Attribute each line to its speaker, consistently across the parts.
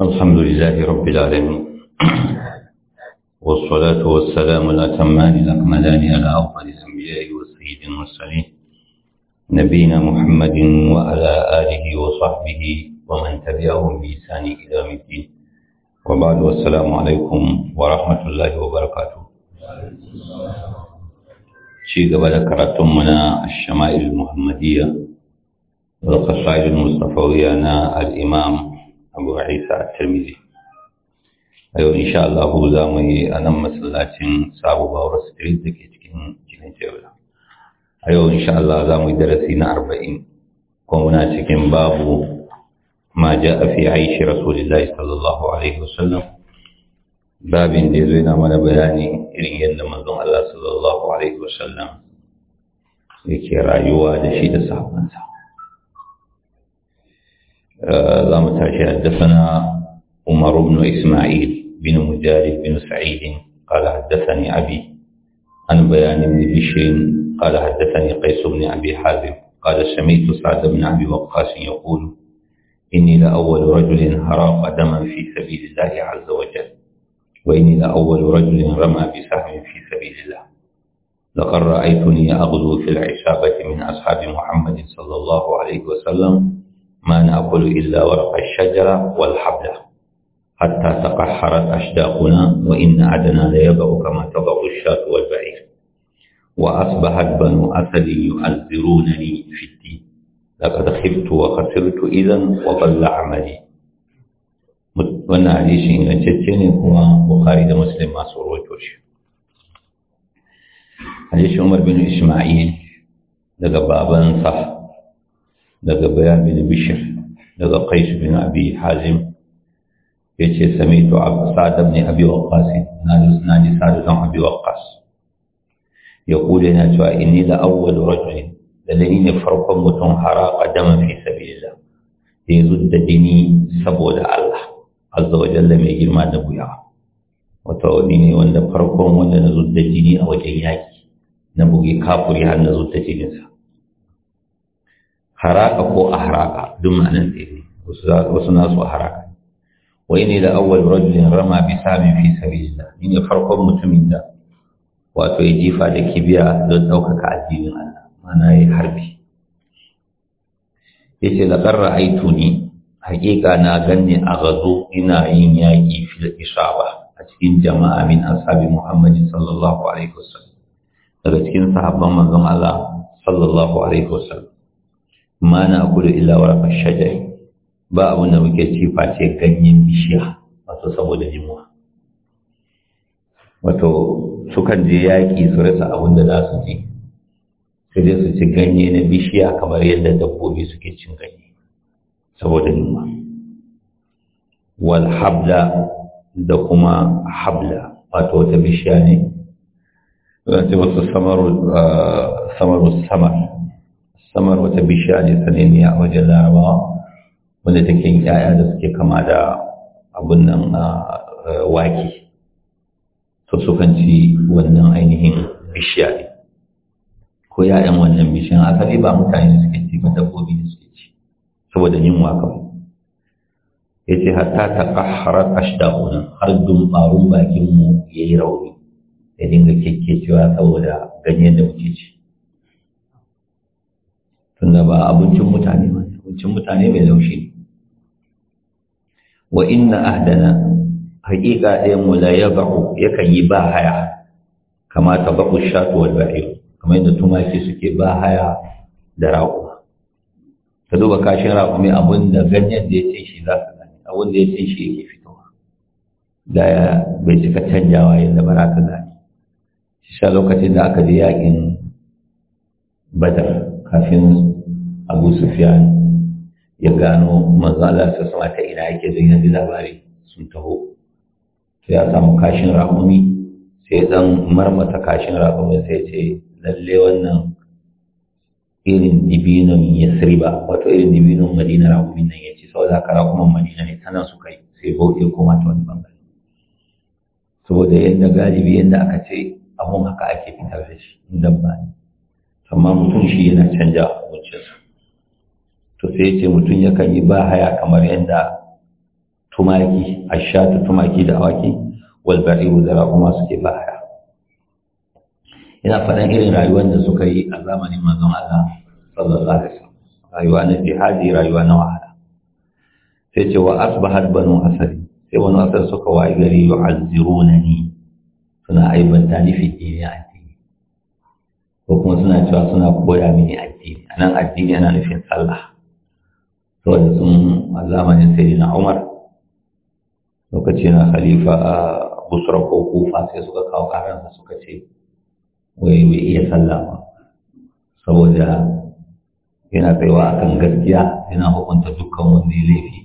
Speaker 1: الحمد لله رب العالمين والصلاة والسلام الأتمان الأكملان على أفضل الأنبياء والسيد المرسلين نبينا محمد وعلى آله وصحبه ومن تبعهم بإحسان إلى يوم الدين وبعد والسلام عليكم ورحمة الله وبركاته شيء قبل كرتمنا الشمائل المحمدية والقصائد المصطفوية الإمام abu isa a tirmizi a yau insha Allah za mu yi a nan masallacin sabuwar bawar street da ke cikin cikin tebula a yau insha Allah za mu yi darasi na arba'in kuma muna cikin babu ma ja a fi aishi rasulillahi sallallahu alaihi wasallam babin da ya zo yana mana bayani irin yadda manzon Allah sallallahu alaihi wasallam yake rayuwa da shi da sahabbansa za mu حدثنا عمر بن إسماعيل بن bin بن سعيد قال حدثني أبي عن بيان بن بشر قال حدثني قيس بن أبي حازم قال سمعت سعد بن أبي وقاص يقول إني لأول رجل هراق دما في سبيل الله عز وجل وإني لأول رجل رمى بسهم في سبيل الله لقد رأيتني أغدو في العشابة من أصحاب محمد صلى الله عليه وسلم ما نأكل إلا ورق الشجرة والحبلة حتى تقحرت أشداقنا وإن عدنا ليبع كما تضع الشاة والبعير وأصبحت بنو أسد يؤذرونني في الدين لقد خفت وخسرت إذا وضل عملي وانا عليش إن أجدتني هو بخاري مسلم ما masu rawaito عمر بن إسماعيل bin isma'il daga daga bayan bin bishir daga qais bin abi hazim yace samitu absad ibn abi waqqas na na ni sa'd ibn abi waqqas yaqulu ina cewa inni la awwal rajul dalili ne farkon mutum haraka dama fi sabilillah da ya zudda jini saboda Allah azza wa jalla mai girma da buya wato ni ne wanda farkon wanda na zudda jini a wajen yaki na buge kafuri har na zudda sa haraka ko ahraka duk ma'anar sai wasu nasu haraka wa ne da awwal rajulin rama bi samin fi sabilillah ni ne farkon mutumin da wato ya jifa da kibiya don ɗaukaka addinin Allah mana ya harbi yace laqad ra'aytu ni haƙiƙa na ganni a gazo ina yin yaƙi fil isaba a cikin jama'a min ashabi Muhammad sallallahu alaihi wasallam daga cikin sahabban manzon Allah sallallahu alaihi wasallam ma na kudu illa wa ba abin muke ci face ganyen bishiya wato saboda jimuwa wato sukan je yaƙi su rasa abin da za su ci sai dai su ci ganye na bishiya kamar yadda dabbobi suke cin ganye saboda jimuwa wal habla da kuma habla wato wata bishiya ne za ta wasu samaru samar samar wata bishiya ne sananiya a wajen larabawa wanda take yin 'ya'ya da suke kama da abun nan wake to sukan ci wannan ainihin bishiya ne ko 'ya'yan wannan bishiyan asali ba mutane suke ci ba dabbobi ne suke ci saboda yin waka ya ce hatta ta ƙaharar ashdaƙuna har dumbarun bakinmu ya yi rauni ya dinga kekecewa saboda ganyen da muke ci tunda ba abincin mutane ba abincin mutane mai laushi wa inna ahdana haƙiƙa ɗayan mu la yabu yakan yi ba haya kama tabahu shatu wal ba'ir kamar yadda tumaki suke ba haya da raƙuma ka duba kashin raƙumi abin da ganyen da ya ce shi za ka gani abin da ya ce shi yake fitowa da bai cika canjawa yadda ba za ka gani shi lokacin da aka je yaƙin badar kafin abu sufyan ya gano Manzala Allah sa sama ta ina yake zai yanzu labari sun taho sai ya samu kashin raƙumi sai dan marmata kashin raƙumi sai ce lalle wannan irin dibinon ba. wato irin dibinon madina raƙumin nan ya ce da kara kuma madina ne tana su kai sai bauɗe koma ta wani bangare saboda yadda galibi yadda aka ce abun haka ake fitar da shi dabba ne amma mutum shi yana canja abincinsa to sai ce mutum yakan yi ba haya kamar yadda tumaki ashatu tumaki da awaki wal ba'iru da kuma suke ba haya ina faɗan irin rayuwar da suka yi a zamanin manzon Allah sallallahu alaihi wasallam rayuwa na jihadi rayuwa na wahala sai ce wa asbahat banu asari sai wani asar suka wayi gari yu'azzirunani suna aibanta ni fi dini addini ko kuma suna cewa suna koya mini addini anan addini yana nufin sallah saboda sun a zamanin na umar lokaci na khalifa a busra ko kufa sai suka kawo karansa suka ce wai bai iya sallama. saboda yana tsayawa akan gaskiya yana hukunta dukkan wanda ya laifi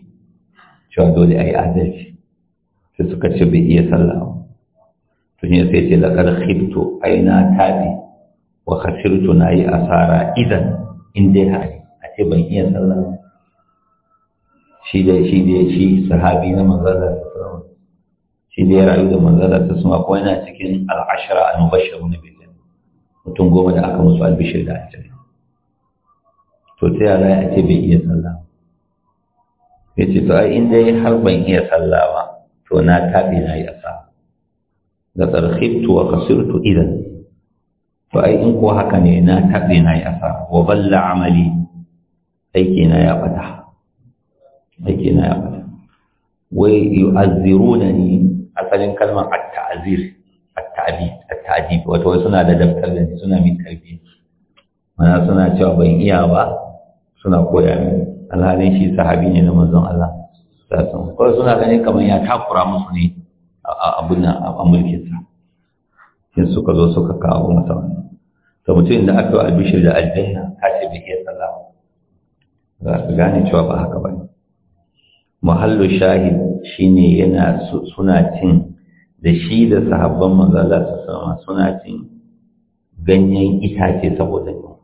Speaker 1: cewa dole a yi adalci sai suka ce bai iya sallama. tun yi sai ce laƙar khibto aina tabi wa khasirtu na yi asara idan in dai hari a ce ban iya sallama. shi da shi da shi sahabi na manzala ta sama shi da rayu da manzala ta sama kuma yana cikin al'ashara al-mubashshiru na biljan mutum goma da aka musu albishir da aljanna to ta yara a ce bai iya sallah ya ce to ai in dai har ban iya sallah ba to na taɓe na yi asa da tsarkhibtu wa kasirtu idan to ai in ko haka ne na taɓe na yi asa wa balla amali aiki na ya fata yake na yawa wai yu'azziruna ni asalin kalmar at-ta'zir at-ta'bid at-ta'dib wato suna da daftar da suna min tarbiya mana suna cewa ban iya ba suna koya min alhalin shi sahabi ne na manzon Allah sallallahu alaihi suna ganin kamar ya takura musu ne a abun nan a mulkin sa sai suka zo suka kawo masa wannan to mutum da aka yi albishir da aljanna ka ce bai iya sallah ba ka gane cewa ba haka ba ne mahallu shahid shine yana suna cin da shi da sahabban manzo Allah sallallahu suna cin ganyen itace saboda yau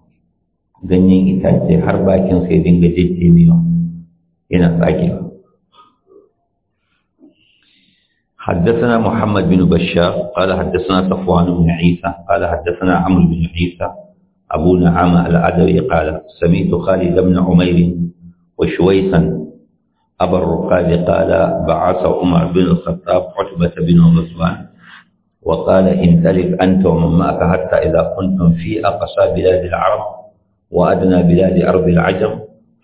Speaker 1: ganyen itace har bakin sai dinga jejjemewa yana Muhammad حدثنا محمد بن بشار قال حدثنا صفوان بن عيسى قال حدثنا عمرو بن عيسى أبو نعامة العدوي قال سمعت خالد بن عمير وشويسا أبا الرقاد قال بعث عمر بن الخطاب عتبة بن غزوان وقال امتلك أنت ومن معك حتى إذا كنتم في أقصى بلاد العرب وأدنى بلاد أرض العجم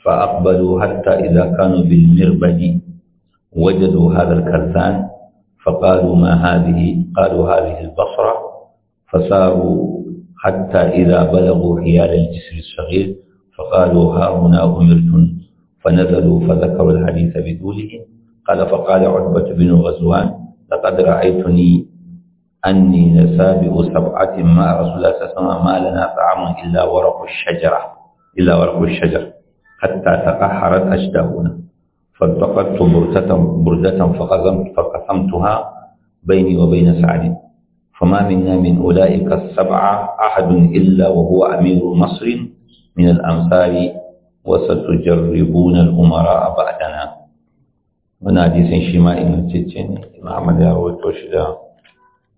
Speaker 1: فأقبلوا حتى إذا كانوا بالمربد وجدوا هذا الكرثان فقالوا ما هذه قالوا هذه البصرة فساروا حتى إذا بلغوا حيال الجسر الصغير فقالوا ها هنا أمرتم فنزلوا فذكروا الحديث بدونه قال فقال عتبة بن غزوان لقد رأيتني أني نسابئ سبعة مع رسول الله صلى الله عليه وسلم ما لنا طعام إلا ورق الشجرة إلا ورق الشجر حتى تقحرت أشداؤنا فالتقطت بردة, بردة فقسمت فقسمتها بيني وبين سعد فما منا من أولئك السبعة أحد إلا وهو أمير مصر من الأمثال وستجربون الامراء بعدنا wani hadisin shi ma ingantacce ne imamu da yawon toshi da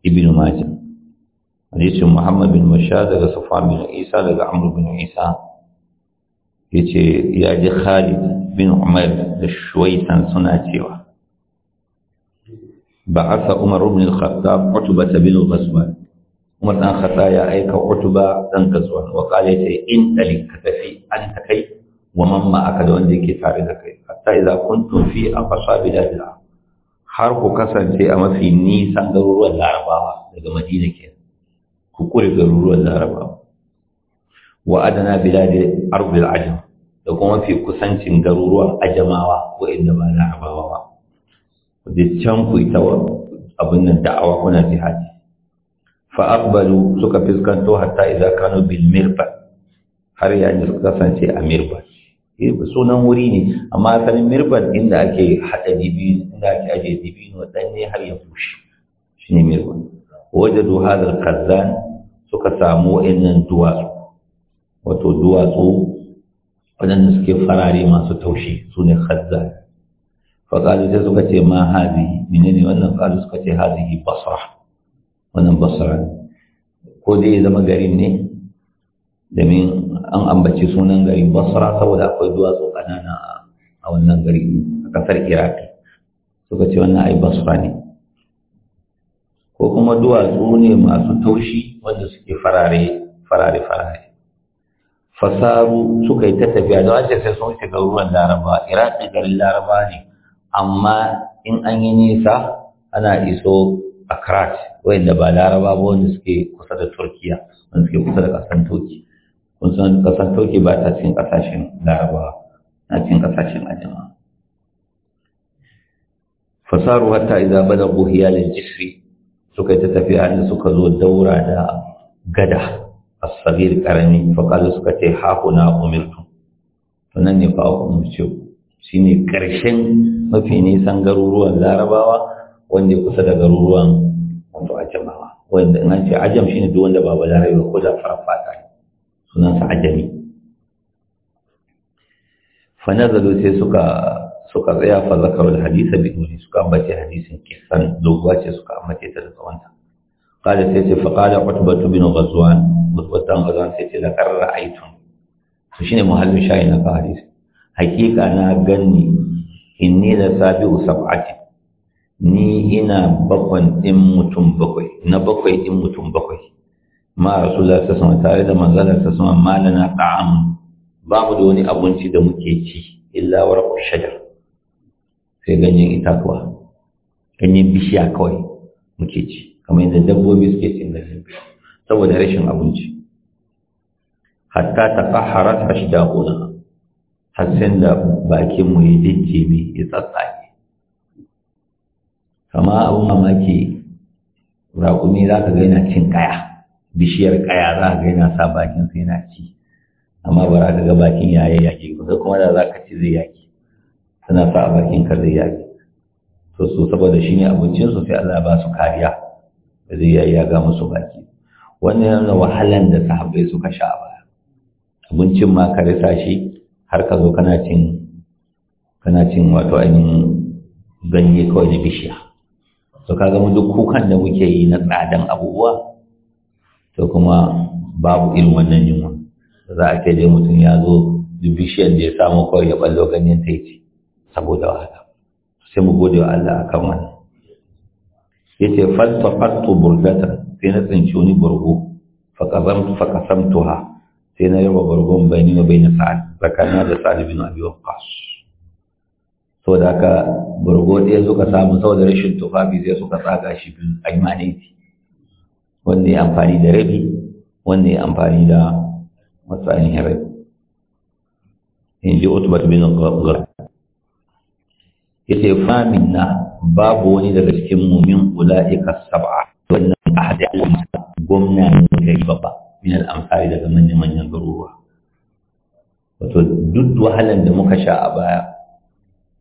Speaker 1: ibn majin hadisin muhammad bin musha daga sufa bin isa daga amur bin isa ya ce ya ji khalid bin umar da shuwaitan suna cewa ba a sa umar rubin khatta kutuba ta bin ulasuwa umar dan khatta ya aika kutuba ba, gazuwa wa kala ya ce in dalin ka tafi an ta wa man ma'aka da wanda yake tare da kai hatta idza kuntum fi aqsa biladil har ku kasance a mafi nisan garuruwan larabawa daga madina ke ku kure garuruwan larabawa wa adana biladi ardil ajam da kuma mafi kusancin garuruwan ajamawa ko inda ba larabawa ba ku je can ku tawar abin nan da'awa kuna jihadi fa aqbalu suka fiskanto hatta idza kanu bil mirbat har yayin suka kasance a mirbat Eh, sunan wuri ne amma asalin mirbar inda ake haɗa dibino inda ake ajiye dibino ɗan ne har ya bushe shine mirbar wajen da duhazar kazan suka samu wa'annan duwatsu wato duwatsu waɗanda suke farare masu taushi su ne kazan faƙalu sai suka ce ma hazi menene wannan faƙalu suka ce hazi basra wannan basra ko dai zama garin ne domin an ambaci sunan garin basra saboda akwai duwatsu ƙanana a wannan gari a ƙasar iraki suka ce wannan ai basra ne ko kuma duwatsu ne masu taushi wanda suke farare farare farare fasaru suka yi ta tafiya da wace sai sun shiga ruwan laraba ne garin laraba ne amma in an yi nisa ana iso a akrat wanda ba laraba ba wanda suke kusa da turkiya wanda suke kusa da ƙasar turkiya kun san turki ba ta cikin ƙasashen larabawa na cikin ƙasashen ajama fasaru hatta idza balagu hiyalil jisri suka ta tafiya da suka zo daura da gada as-sagir karami fa kaza suka ce kuna umirtu to nan ne fa umirce shine karshen mafi nisan garuruwan larabawa wanda kusa da garuruwan wato ajamawa wanda ce ajam shine duk wanda ba balarabe ko da farfata sunansa ajami fa nazalu sai suka suka tsaya fa zakarul hadisa bi duni suka ambace hadisin kisan doguwa ce suka ambace ta da tsawonta qala sai ce fa qala utbatu bin ghazwan mutbatan ghazwan sai ce laqad ra'aytum to shine muhallu shayi na hadisi hakika na ganni inni la sabi'u sab'ati ni ina bakwan din mutum bakwai na bakwai din mutum bakwai ma rasulullah sallallahu tare da manzalar sallallahu sama malana ta'am ba mu da wani abinci da muke ci illa warqu shajar sai ganyen itatuwa ganyen bishiya kawai muke ci kamar yadda dabbobi suke cin ganyen saboda rashin abinci hatta taqahharat ashdaquna har sai da bakin mu ya jijjimi ya tsatsaye kama abin mamaki raƙumi za ka ga yana cin kaya bishiyar kaya za ga yana sa bakin sai yana ci amma ba za ka ga bakin yayi yaki ba kuma da za ka ci zai yaki suna sa bakin ka zai yaki to so saboda shine abincin su sai Allah ba su kariya ba zai yayi ya ga musu baki wannan yana wahalan da sahabbai suka sha ba abincin ma ka rasa shi har ka zo kana cin kana cin wato ainihin ganye kawai na bishiya to kaga mu duk kukan da muke yi na tsadan abubuwa to kuma babu irin wannan yunwa za a ce dai mutum ya zo duk bishiyar da ya samu kawai ya ballo ganyen ta ce saboda wahala sai mu gode wa Allah Ya wannan yace fattaqattu burgata sai na tsinci wani burgu fakasamtu ha sai na yaba burgon bayani wa bayani sa'ad zakana da sa'ad bin abi da saboda haka burgo ɗaya suka samu saboda rashin tufafi sai suka tsaga shi bin aimaniti wanda ya amfani da rabi wanda ya amfani da matsayin rabi in ji bin yace famin na babu wani daga cikin mumin ulaika sab'a wannan ahadi gwamna ne yi babba min al daga manyan manyan garuruwa wato duk wahalar da muka sha a baya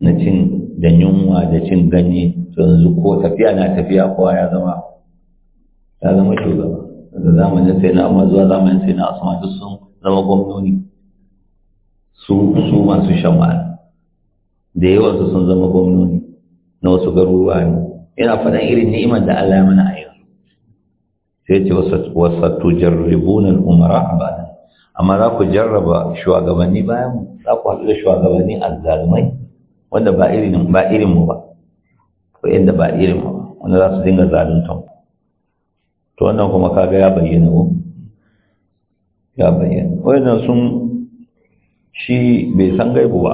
Speaker 1: na cin da yunwa da cin ganye to yanzu ko tafiya na tafiya kowa ya zama ya zama shugaba da zamanin sai na amma zuwa zamanin sai na asma duk sun zama gwamnoni su su masu shan wahala da yawan su sun zama gwamnoni na wasu garuruwa ne ina faɗan irin ni'imar da Allah ya mana a yanzu sai ce wasu jarribunan umara ba amma za ku jarraba shugabanni bayan mu, za ku haɗu da shugabanni azzalumai wanda ba irin ba irin mu ba ko inda ba irin mu ba wanda za su dinga zalunta mu to wannan kuma kaga ya bayyana ko ya bayyana wannan sun shi bai san gaibu ba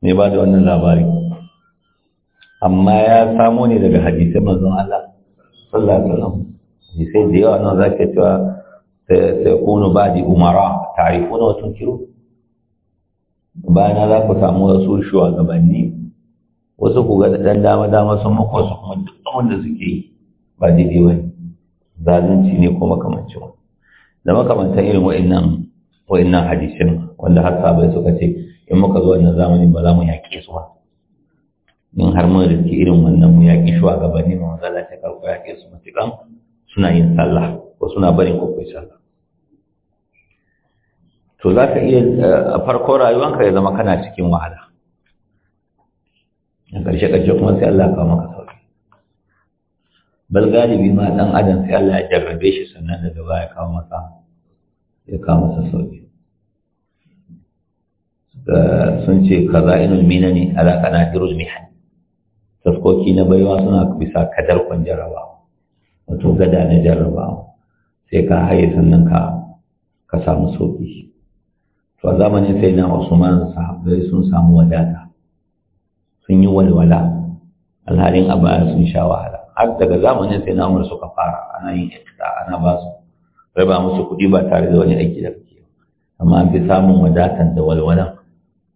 Speaker 1: mai ba da wannan labari amma ya samo ne daga hadisai manzon Allah sallallahu alaihi wasallam hadisai da yawa nan zaka cewa sai ba ba'di umara ta'rifuna wa tunkiru bayana za ku samu wasu shugabanni wasu ku ga dan dama dama sun mako su kuma duk wanda suke yi ba daidai ba ne zalunci ne ko makamancin wani da makamantan irin wa'annan wa'annan hadisin wanda har sabai suka ce in muka zo wannan zamani ba za mu yaƙi su ba in har mun riski irin wannan mu yaƙi ne ma maza ta karko yaƙi su matuƙan suna yin sallah ko suna barin kwakwai sallah to za ka iya eh, a farko rayuwanka ya zama kana cikin wahala a ƙarshe ƙarshe kuma sai Allah kawo maka bal galibi ma dan adam sai Allah ya jarrabe shi sannan daga baya kawo masa ya kawo masa sauki sun ce kaza'inul minani ala qanadirul mihan tafkoki na baiwa suna bisa kadar kun wato gada na jarabawa sai ka haye sannan ka ka samu sauki to zamanin sai na usman sahabbai sun samu wadata sun yi walwala alhalin a baya sun sha wahala har daga zamanin sai namun suka fara ana yin ikita ana ba su raba musu kuɗi ba tare da wani aiki da kake amma an fi samun wadatan da walwala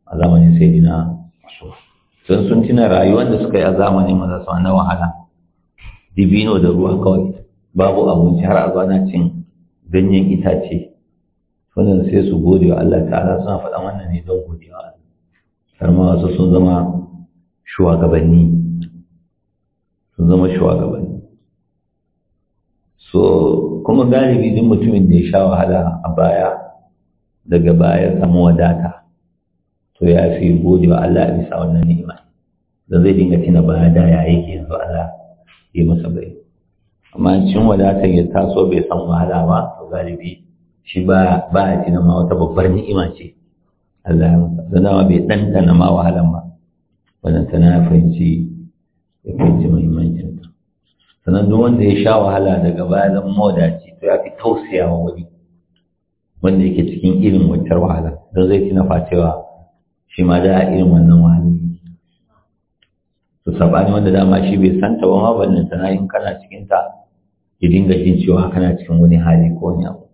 Speaker 1: a zamanin sai na su sun sun tuna rayuwar da suka yi a zamanin maza su na wahala dibino da ruwa kawai babu abinci har a zana cin ganyen itace wannan sai su gode wa Allah ta'ala suna faɗa wannan ne don gode wa Allah har ma wasu sun zama shugabanni sun zama shugabanni so kuma galibi duk mutumin da ya sha wahala a baya daga baya samu wadata to ya fi gode wa Allah a bisa wannan ni'ima da zai dinga tina baya da ya yake yanzu Allah ya masa bai amma cin wadatar ya taso bai samu wahala ba to galibi shi ba ya tina ma wata babbar ni'ima ce Allah ya masa don bai ɗanɗana ma wahalan ba wannan tana fahimci ya fahimci muhimmancinta sannan duk wanda ya sha wahala daga baya zan mawadaci to ya fi tausaya wa wani wanda yake cikin irin wancan wahala don zai tuna facewa shi ma da irin wannan wahala to sabani wanda dama shi bai san ta ba ma ballan sana in kana cikin ta ya dinga jin cewa kana cikin wani hali ko wani abu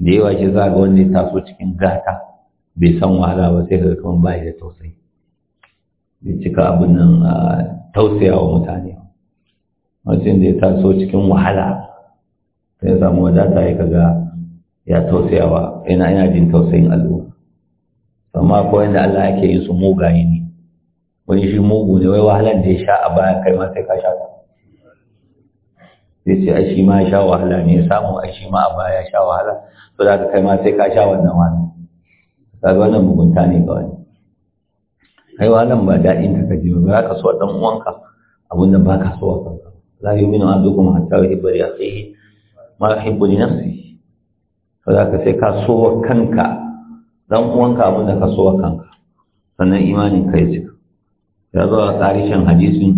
Speaker 1: da yawa shi za ga wanda ya taso cikin gata bai san wahala ba sai ka ga kamar bai da tausayi bai cika abin nan ah, Tausaya wa mutane mutum da ya taso cikin wahala sai ya samu wadata ya kaga ya tausayawa yana yana jin tausayin al'umma amma ko yadda Allah yake yin su mugaye ne wani shi mugu ne wai wahalan da ya sha a baya kai ma sai ka sha ta sai ce ai shi ma ya sha wahala ne ya samu ai shi ma a baya ya sha wahala to da kai ma sai ka sha wannan wani, kaga wannan mugunta ne ga wani kaiwa nan ba daɗin ka kaji ba za ka so ɗan uwanka abin da ba ka so a kanka la yu'minu ahadukum hatta yuhibba li akhihi ma yuhibbu li nafsihi to za ka sai ka so wa kanka ɗan uwanka abin da ka so wa kanka sannan imanin ka ya cika ya zo a tsarishin hadisin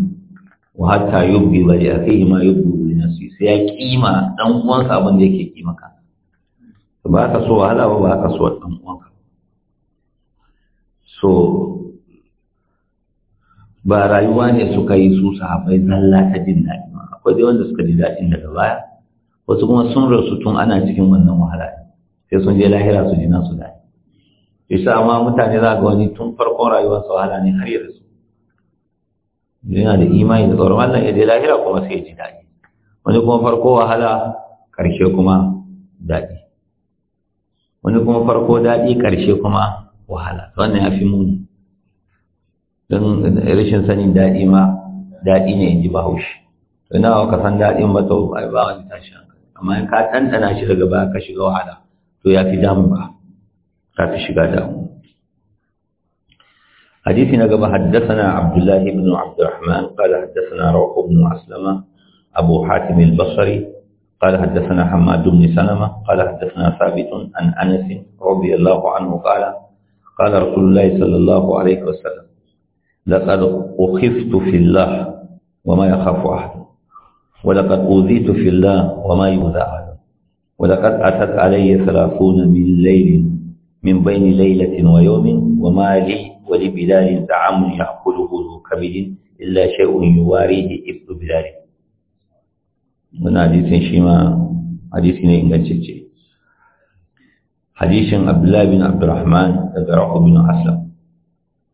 Speaker 1: wa hatta yubbi wa li akhihi ma yubbi li nafsihi sai ya kima ɗan uwanka abin da yake kima ka ba ka so wahala ba ba ka so ɗan uwanka so ba rayuwa ne suka yi su sahabai zalla ta jin daɗi ba akwai dai wanda suka ji daɗin daga baya wasu kuma sun rasu tun ana cikin wannan wahala sai sun je lahira su ji nasu daɗi isa ma mutane za ga wani tun farkon rayuwar su wahala ne har yanzu. yana da imani da tsoron Allah ya je lahira kuma sai ya ji daɗi wani kuma farko wahala ƙarshe kuma daɗi wani kuma farko daɗi ƙarshe kuma wahala wannan ya fi muni don rashin sanin daɗi ma daɗi ne in ji bahaushe to nawa ka san daɗin ba to ai ba wani tashi hankali amma in ka tantana shi daga baya ka shiga wahala to ya fi ba, ka fi shiga damu حديث نقب حدثنا عبد الله بن عبد الرحمن قال حدثنا روح بن مسلمة أبو حاتم البصري قال حدثنا حماد بن سلمة قال حدثنا ثابت عن أنس رضي الله عنه قال قال رسول الله صلى الله عليه وسلم لقد أخفت في الله وما يخاف أحد ولقد أوذيت في الله وما يؤذى أحد ولقد أتت علي ثلاثون من ليل من بين ليلة ويوم وما لي ولبلال طعام يأكله ذو كبد إلا شيء يواريه ابن بلال من حديث شيما حديث إنجلتي حديث عبد الله بن عبد الرحمن بن بن أسلم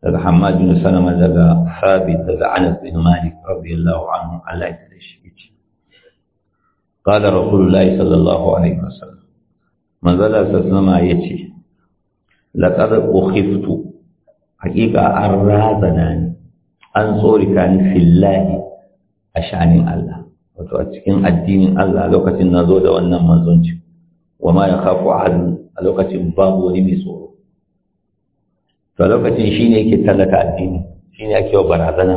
Speaker 1: هذا حماد بن سلمة هذا صحابي هذا أنس بن مالك رضي الله عنه على الشهيد قال رسول الله صلى الله عليه وسلم من ذا سلمة يجي لقد أخفت حقيقة أرادنا أن صورك في الله اشعن الله wato الدين cikin addinin Allah a lokacin na zo da wannan manzanci wa to lokacin shi ne ke tallata addini shi ne ake wa barazana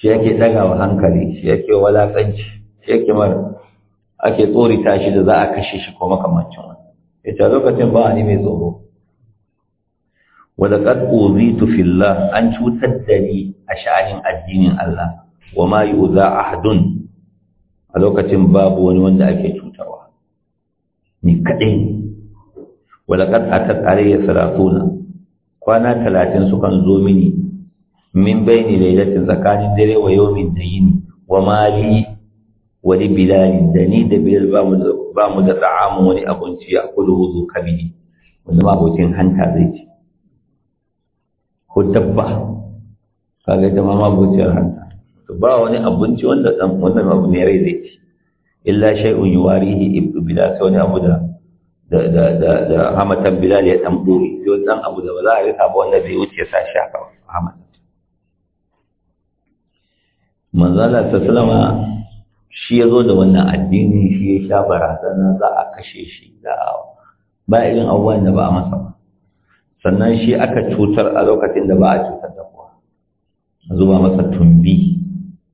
Speaker 1: shi ake daga wa hankali shi yake wa walaƙanci shi yake mara ake tsori shi da za a kashe shi ko makamancin wani ita lokacin ba ni mai tsoro wadda kan ƙozi tufilla an cutar da ni a sha'anin addinin Allah wa ma yi uza a hadun a lokacin babu wani wanda ake cutarwa ni kaɗai ne wadda kan a tattare ya salatuna kwana talatin sukan zo mini min baini lailatin tsakanin dare wa yau min da yini wa mali wani li da ni da bilal ba mu da ta'amu wani abinci a kudu wuzu kabili wanda Wani abokin hanta zai ci ko dabba kaga ita ma abociyar hanta to ba wani abinci wanda dan wannan abu ne rai zai ci illa shay'un yuwarihi ibnu bilal sai wani abu da da hamatan bilal ya dan buri sai dan abu da ba za a rika ba wanda wuce sa shi haka hamatan manzala ta salama shi ya zo da wannan addini shi ya sha barazana za a kashe shi da ba irin abubuwan da ba a masa ba sannan shi aka cutar a lokacin da ba a cutar da kuwa. a zuba masa tumbi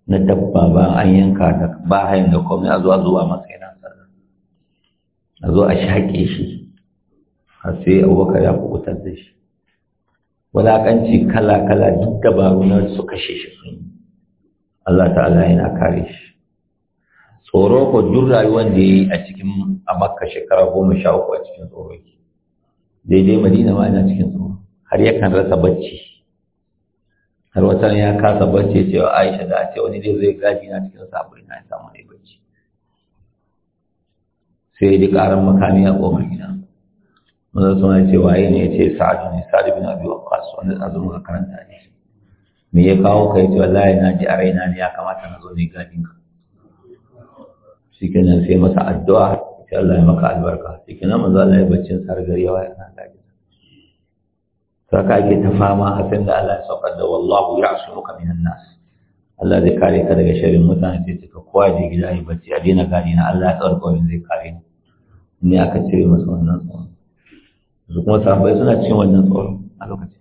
Speaker 1: na dabba ba an yanka da ba da komai a zuwa zuwa masa yana a zo a shaƙe shi A sai abubakar ya kubutar da shi wulaƙanci kala-kala duk dabaru na su kashe shi sun yi Allah ta'ala yana kare shi tsoro ko duk rayuwar da ya yi a cikin a makka shekara goma sha uku a cikin tsoro yake daidai madina ma yana cikin tsoro har yakan rasa bacci har wata ya kasa bacci cewa aisha da ce wani dai zai gaji na cikin sabai na samu ne bacci sai ji karan makami a koma gida manzo suna ce waye ne ce Sa'adu ne Sa'adu bin abi waqqas wanda azu muka karanta ne
Speaker 2: me ya kawo yi ce wallahi na ji
Speaker 1: a raina ne ya kamata na zo ne gadin ka shikenan sai masa addu'a sai Allah ya maka albarka shikenan manzo Allah ya baccin sar gari yawa yana gadin sai ka ake ta fama hasan da Allah ya saukar da wallahu ya'sumuka minan nas Allah zai kare ka daga sharrin mutane sai ka kowa je gida yi bacci a dina gadi na Allah ya tsarkawin zai kare ni ne aka cire masa wannan tsawon su kuma sahabbai suna cikin wannan tsoron a lokacin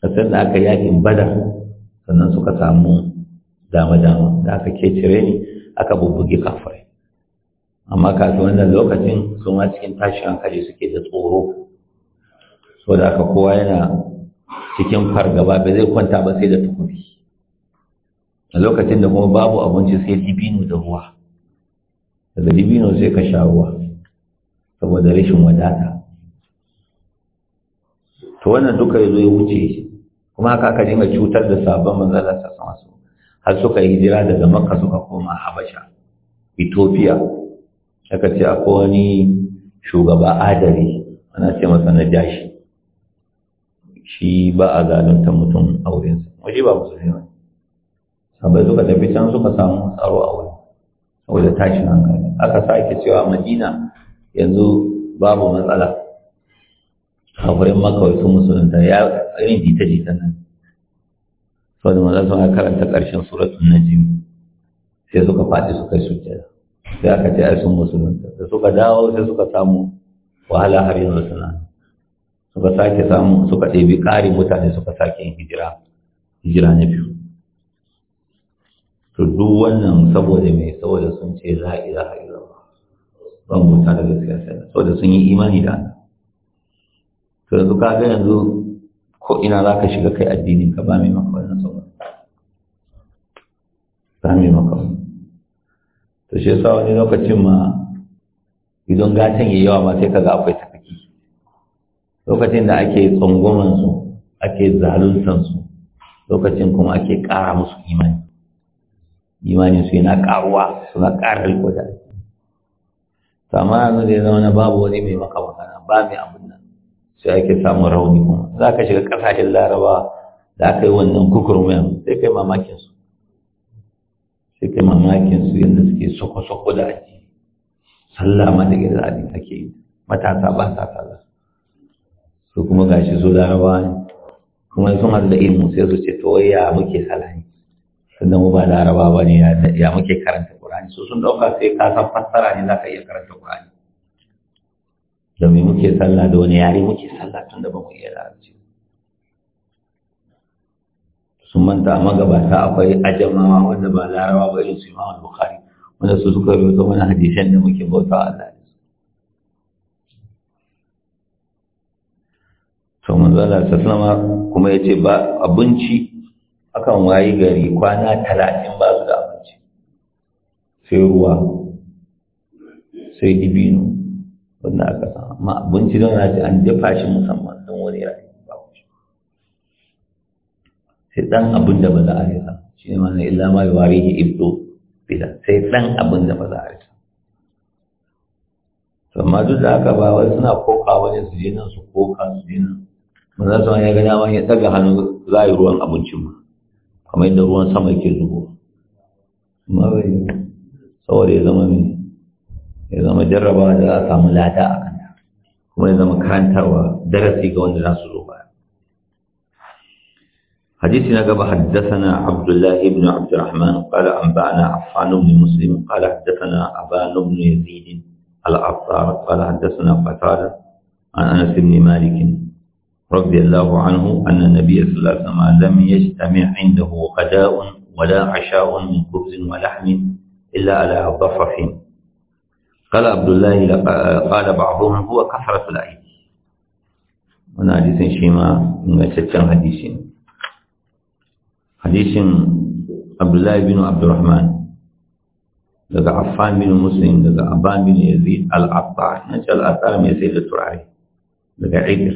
Speaker 1: kasar da aka yakin bada sannan suka samu dama-dama da aka ke cire ni aka bubbuge kafirai amma kafin wannan lokacin su ma cikin tashin hankali suke da tsoro so da aka kowa yana cikin fargaba bai zai kwanta ba sai da takobi a lokacin da kuma babu abinci sai dibino da ruwa daga dibino sai ka sha ruwa saboda rashin wadata to wannan duka ya zo ya wuce kuma haka aka dinga cutar da sabon manzalar sa sama su har suka yi hijira daga makka suka koma habasha ethiopia aka ce akwai wani shugaba adari ana ce masa na jashi shi ba a zalunta mutum aurensa waje ba musulmi ba sabai suka tafi can suka samu tsaro a wuri saboda tashin hankali aka sake cewa madina yanzu babu matsala kafirin makawai sun musulunta ya yin jita-jita nan sau da maza suna karanta ƙarshen suratun najim sai suka faɗi suka yi sai aka ce a sun musulunta da suka dawo sai suka samu wahala har yanzu suna suka sake samu suka ɗebi ƙari mutane suka sake yin hijira hijira na biyu to duk wannan saboda mai saboda sun ce la ilaha ban bauta da gaskiya sai Allah saboda sun yi imani da Allah to yanzu ka ga yanzu ko ina za ka shiga kai addinin ka ba mai maka wannan sauran ba mai maka to shi yasa wani lokacin ma idan gatan ya yawa ma sai kaga akwai takaki lokacin da ake tsangwaman su ake zaluntan su lokacin kuma ake ƙara musu imani imanin su yana ƙaruwa suna ƙara riko da to amma yanzu da ya zama na babu wani mai maka magana ba mai abin nan sai ake samun rauni kuma za ka shiga ƙasashen laraba da aka yi wannan kukurmayan sai kai mamakin su sai kai mamakin su yadda suke soko-soko da aji sallah ma da gida abin take yi matasa ba sa sallah su kuma gashi su larabawa ne kuma sun haɗu da ilimin sai su ce to ya muke sallah ne sannan mu ba laraba ba ne ya muke karanta Qur'ani so sun dauka sai ka san fassara ne zaka iya karanta Qur'ani domin muke sallah da wani yare muke sallah tun da ba mu iya larabci sun manta gabata akwai ajamawa wanda ba larawa ba irin su Imam Bukhari wanda su suka rubuta mana hadisan da muke bauta Allah to ta sallama kuma yace ba abinci akan wayi gari kwana talatin ba su da sai ruwa sai dibino wanda aka sama amma abinci don na ce an dafa shi musamman don wani rai ba shi sai ɗan abin da ba za a rasa shi ne wannan illa ma yi warihi ibdo bila sai ɗan abin da ba za a rasa amma duk da haka ba wani suna koka wani su je nan su koka su je nan maza su ya ga dama ya daga hannu za a yi ruwan abincin ma kamar yadda ruwan sama yake zubo saboda ya zama mini ya zama jarraba da za a samu lada a kanta kuma ya zama karantarwa darasi ga wanda za su zo baya حديث نقب حدثنا عبد الله بن عبد الرحمن قال أنبأنا عفان بن مسلم قال حدثنا أبان بن يزيد العطار قال حدثنا قتادة عن أنس بن مالك رضي الله عنه أن النبي صلى الله عليه وسلم لم يجتمع عنده غداء ولا عشاء من خبز ولحم إلا على الضفرحين قال عبد الله قال بعضهم هو كثرة العيد من حديث شيما من شكل حديث حديث عبد الله بن عبد الرحمن لقى عفان بن مسلم لقى عبان بن يزيد العطار نجا العطار من يزيد الترعي لذا عدر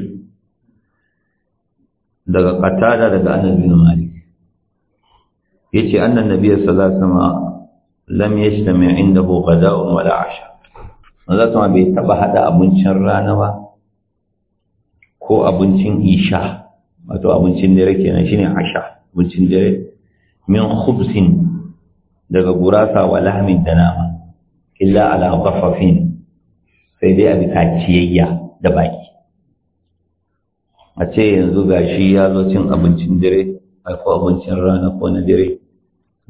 Speaker 1: لذا قتال لقى أنا بن مالك يتي أن النبي صلى الله عليه وسلم lam yajtami indahu ghada'un wala 'asha manzo kuma bai taba hada abincin rana ba ko abincin isha wato abincin dare kenan shine 'asha abincin dare min khubsin daga gurasa wa lahmin da nama illa ala ghaffafin sai dai a bisa ciyayya da baki a ce yanzu gashi ya zo cin abincin dare ko abincin rana ko na dare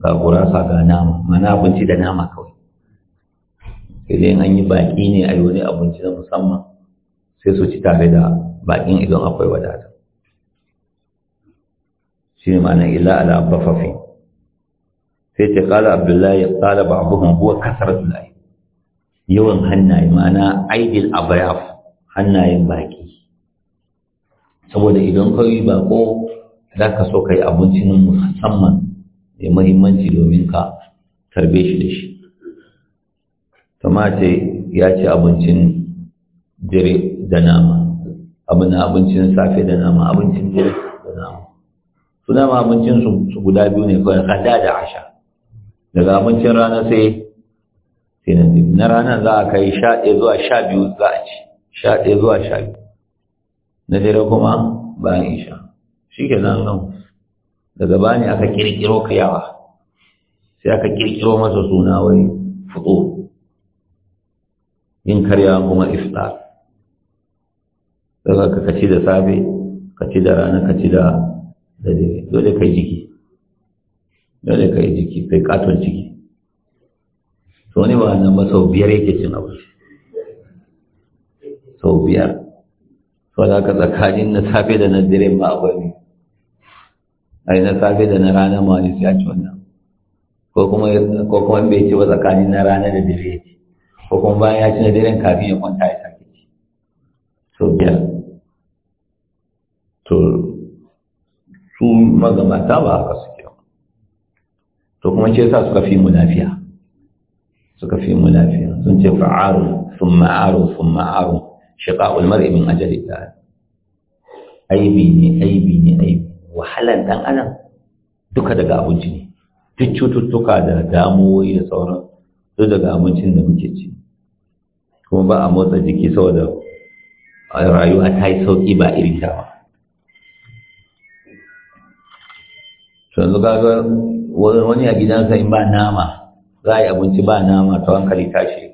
Speaker 1: ga gurasa ga nama mana abinci da nama kawai sai dai an yi baƙi ne a yi wani abinci na musamman sai su ci tare da baƙin idan akwai wadata shi ne ma'ana illa ala bafafi sai ce kala abdullahi kala ba abubuwan buwa kasar Zulai. yawan hannaye ma'ana aidil abayaf hannayen baƙi saboda idan kawai bako, za ka so ka yi abincin musamman da muhimmanci domin ka tarbe shi da shi kama ce ya ci abincin dare da nama abin abincin safe da nama abincin dare da nama su nama abincin su guda biyu ne kawai kada da asha daga abincin rana sai sai na na rana za a kai sha ɗaya zuwa sha biyu za a ci sha ɗaya zuwa sha biyu na dare kuma bayan isha shi ke nan nan daga bani aka kirkiro kayawa sai aka kirkiro masa suna wai fudu yin karya kuma ista. daga ka kaci da safe kaci da rana kaci da dare dole kai jiki dole kai jiki kai katon ciki to ne ba nan ba sau biyar yake cin abu sau biyar sau da tsakanin na safe da na dare ba akwai ne ai na safe da na rana ma ne sai ci wannan ko kuma ko kuma bai ci ba tsakanin na rana da dare ya ci ko kuma bayan ya ci na daren kafin ya kwanta ya sake ci so biyar to su magabata ba haka suke ba to kuma ce sa suka fi mu lafiya suka fi mu lafiya sun ce fa'aru sun ma'aru sun ma'aru shiqa'ul mar'i min ajali ta aibi ne aibi ne aibi wahalan dan adam duka daga abinci ne duk cututtuka da damuwoyi da sauran duk daga abincin da muke ci kuma ba a motsa jiki saboda rayuwa ta yi sauƙi ba irin ta ba yanzu kaga wani a gidansa in ba nama za a yi abinci ba nama ta hankali tashi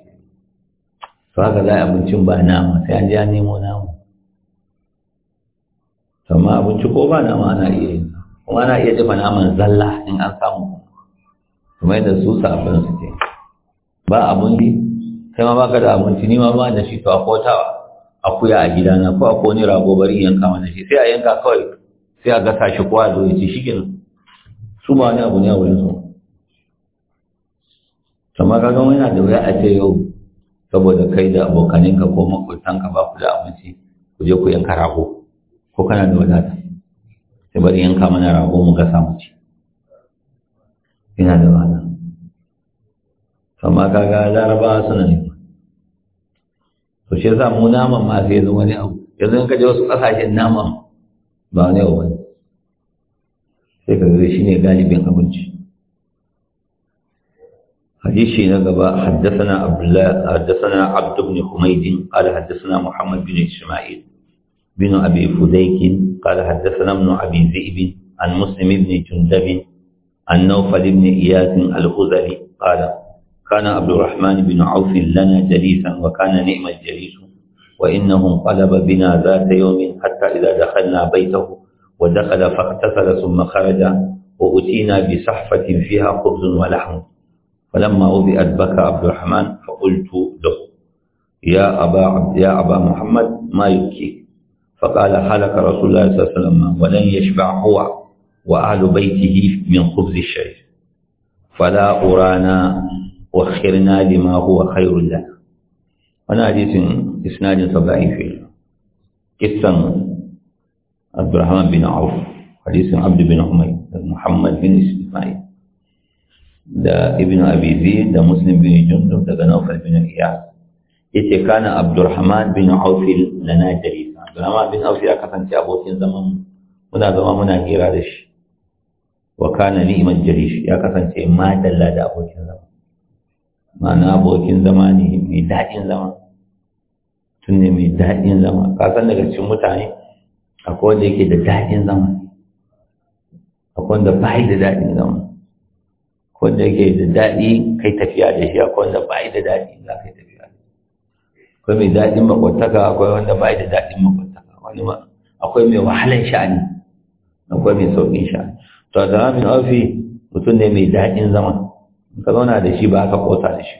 Speaker 1: to haka za a yi abincin ba nama sai an je an nemo nama amma abinci ko ba nama ana iya yin kuma ana iya dafa naman zalla in an samu kuma yadda su safin suke ba yi kai ma baka da abinci ni ma ba da shi to akotawa akuya a gidana ko a koni rago bari yanka mana shi sai a yanka kawai sai a gasa shi kowa zo ya ci shi kenan su ba wani abu ne a wurin su ka ga wani da wuya a ce yau saboda kai da abokaninka ko makotanka ba ku da abinci ku je ku yanka rago ko kana da wadata sai bari yanka mana rago mu ga mu ci yana da wahala amma kaga larabawa suna ne to shi yasa mu naman ma sai zama wani abu yanzu in ka je wasu ƙasashen naman ba wani abu bane sai ka ga shi ne galibin abinci حديثي نقبا حدثنا عبد الله حدثنا عبد بن حميد قال حدثنا محمد بن اسماعيل بن أبي فديك قال حدثنا ابن أبي ذئب عن مسلم بن جندب عن نوفل بن إياس الخزري قال كان عبد الرحمن بن عوف لنا جليسا وكان نعم الجليس وإنه انقلب بنا ذات يوم حتى إذا دخلنا بيته ودخل فاغتسل ثم خرج وأتينا بصحفة فيها خبز ولحم فلما وضئت بكى عبد الرحمن فقلت له يا أبا, عبد يا أبا محمد ما يبكيك فقال حلق رسول الله صلى الله عليه وسلم ولن يشبع هو وأهل بيته من خبز الشيء فلا أرانا وخرنا لما هو خير لنا وانا حديث إسناد في قصة عبد الرحمن بن عوف حديث عبد بن عمير محمد بن إسماعيل ابن أبي زيد zaid da muslim bin jundub daga naufal bin iyas كان عبد الرحمن بن عوف لنا دليل Abdurrahman bin Auf ya kasance abokin zaman muna zama muna hira da shi wa kana ni'man jalish ya kasance ma dalla da abokin zama ma'ana abokin zama ne mai daɗin zama tun ne mai daɗin zama ka san daga cikin mutane akwai wanda yake da daɗin zama akwai wanda yi da daɗin zama akwai wanda yake da daɗi kai tafiya da shi akwai wanda yi da daɗi za ka yi tafiya akwai mai daɗin makwantaka akwai wanda ba da daɗin makwantaka wani ma akwai mai wahalan sha'ani akwai mai sauƙin sha'ani to da ramin ofi mutum ne mai daɗin zama in ka zauna da shi ba ka kota da shi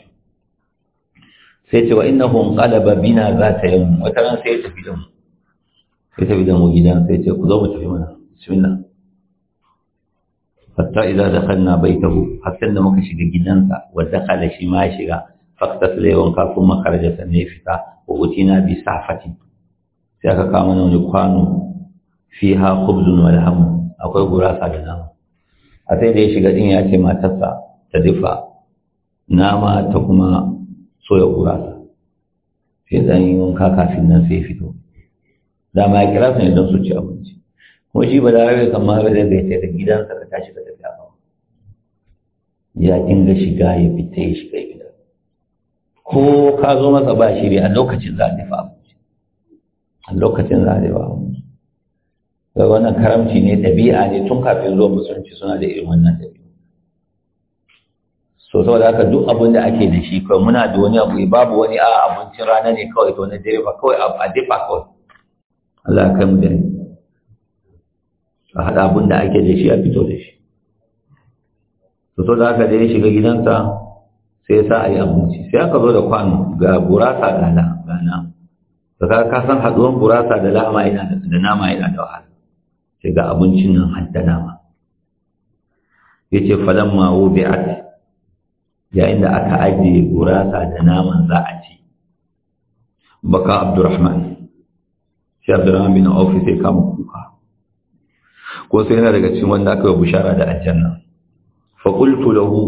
Speaker 1: sai ce wa innahu qalaba bina za ta yi yawm wata ran sai ya tafi da mu sai tafi da mu gidan sai ce ku zo mu tafi mana bismillah hatta idza dakhalna baitahu hatta da muka shiga gidansa wa dakhala shi ma shiga faktas lewan kafin makaraja sannan ya fita wa utina bi safatin sai aka kama wani kwano fiha khubzun wani hamu akwai gurasa da nama a sai da ya shiga din ya ce matarsa ta dafa nama ta kuma soya gurasa sai zan yi wanka kafin nan sai fito dama ya kira su ne don su ci abinci kuma shi ba da rabe kamar da zai ta gidansa ka tashi ka tafi a ya dinga shiga ya fita ya shiga ko ka zo masa ba shiri a lokacin za a a lokacin za a wannan karamci ne ɗabi'a ne tun kafin zuwa musulunci suna da irin wannan ɗabi'a so saboda haka duk abin da ake da shi kawai muna da wani abu babu wani a abincin rana ne kawai to na direba kawai a dafa kawai Allah ya kai mu dare a haɗa abin da ake da shi a fito da shi so saboda haka da ya shiga gidansa sai sa a yi abinci sai aka zo da kwano ga burasa da nama, da ka san haɗuwan burasa da lama yana da nama yana da wahala sai ga abincin nan hadda nama ya ce falon mawo bi'at yayin da aka ajiye gurasa da naman za a ci baka abdurrahman shi abdurrahman bin auf sai kama kuka ko sai yana daga cikin wanda aka yi Bushara da aljanna fa qultu lahu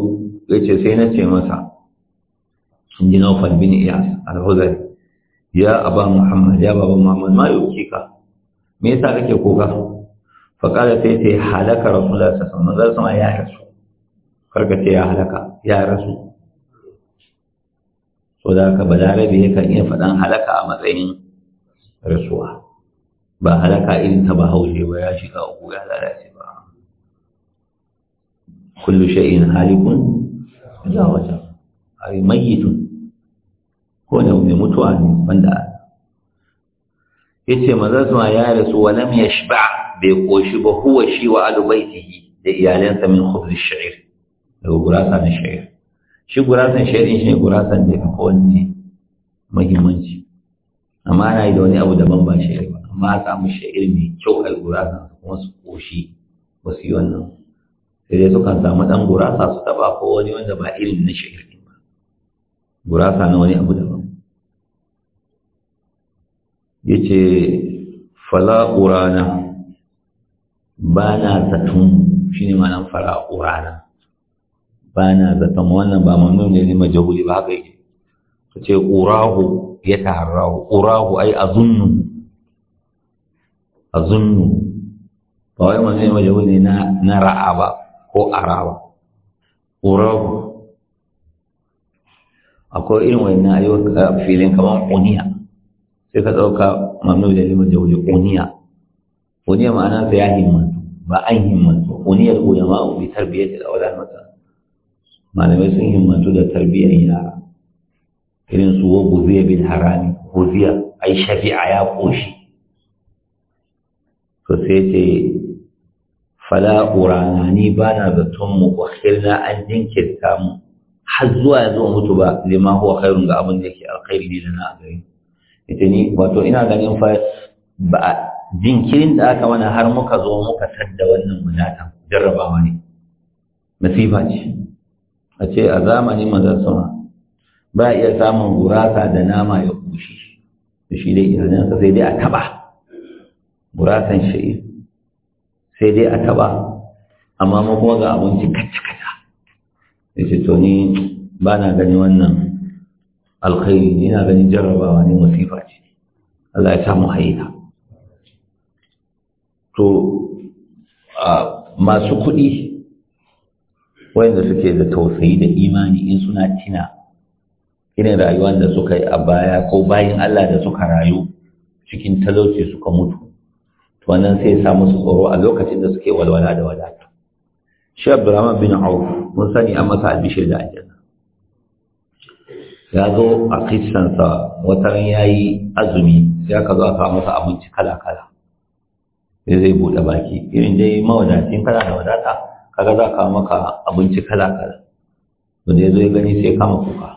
Speaker 1: yace sai na ce masa in ji naufal bin iyas al-huzari ya aba muhammad ya baba muhammad ma yuki ka me yasa kake kuka fa qala sai sai halaka rasulullah sallallahu alaihi wasallam ya rasu karka ce ya halaka ya rasu so da ka balarabe yakan iya faɗan halaka a matsayin rasuwa ba halaka irin ta ba haushe ba ya shiga uku ya lalace ba kullu shay'in halikun illa wajha ay mayyitun ko ne mai mutuwa ne wanda yace su ma ya rasu wa shi ba bai koshi ba huwa shi wa alu baitihi da iyalansa min khubz ash-sha'ir daga gurasa na sha'ir shi gurasan sha'irin shi ne gurasan da ya fi wani muhimmanci amma ana yi da wani abu daban ba sha'ir ba amma a samu sha'ir mai kyau a gurasan su kuma su koshi ba su yi wannan sai dai sukan samu dan gurasa su taɓa ko wani wanda ba irin na sha'ir ba gurasa na wani abu daban ya ce fala'urana ba na zaton shi ne manan fara'urana ba na zaton wannan ba mamnun ne ne majahuli ba haka yake ta ce ƙurahu ya taharrahu ƙurahu ai a zunnu a zunnu ba wai mamnun ne majahuli na ra'a ba ko ara ba ƙurahu akwai irin wani na ayyuka filin kamar ƙuniya sai ka ɗauka mamu da ilimin da wuri kuniya. kuniya ma'ana sa ya himmatu ba an himmatu uniyar ulama bi tarbiyyar da aulad mata malamai sun himmatu da tarbiyyar yara irin su wa guziya bil harami guziya ai shafi'a ya koshi to sai ce fala urana ni ba na zaton mu wakilna an jinkirta mu har zuwa yanzu mutu ba lima huwa khairun ga abin da yake alkhairi ne da na a gari ni wato ina ganin fa ba jinkirin da aka wani har muka zo muka sanda wannan munatan jarrabawa ne masifa ce a ce a zamanin mazan sama ba iya samun gurasa da nama ya kushi shi dai sai dai a taba gurasan shi sai dai a taba amma mu kuma ga abinci kacce kacce ya ce to ni ba na gani wannan alkhairi ne yana ganin jarrabawa ne masifa ce Allah ya samu haita to masu kuɗi wanda suke da tausayi da imani in suna tina irin rayuwar da suka yi a baya ko bayan Allah da suka rayu cikin talauci suka mutu to wannan sai sa musu tsoro a lokacin da suke walwala da wadata shi Abdurrahman bin Auf mun sani an masa albishir da aljanna ya zo a kristansa wata ya yi azumi sai aka zo aka masa abinci kala-kala sai zai buɗe baki irin dai mawadacin kana da wadata kaga za ka maka abinci kala-kala wanda ya zo ya gani sai kama kuka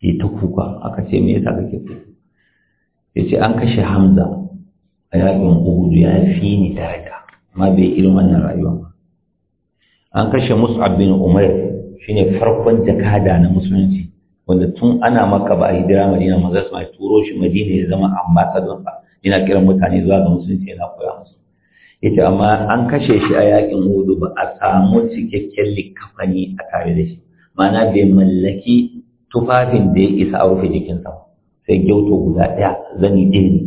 Speaker 1: ya ta kuka aka ce me yasa kake kuka ya ce an kashe hamza a yakin uhudu ya fi ni daraja ma bai irin wannan rayuwa ba. an kashe mus'ab bin umar shine farkon jakada na musulunci wanda tun ana maka ba a hijira madina za su ya turo shi madina ya zama ambassador ba, yana kiran mutane zuwa ga musulunci yana koya musu Ita amma an kashe shi a yakin hudu ba a samu cikakken likafani a tare da shi ma'ana bai mallaki tufafin da ya isa a rufe jikinsa ba sai gyauto guda ɗaya zani ɗaya ne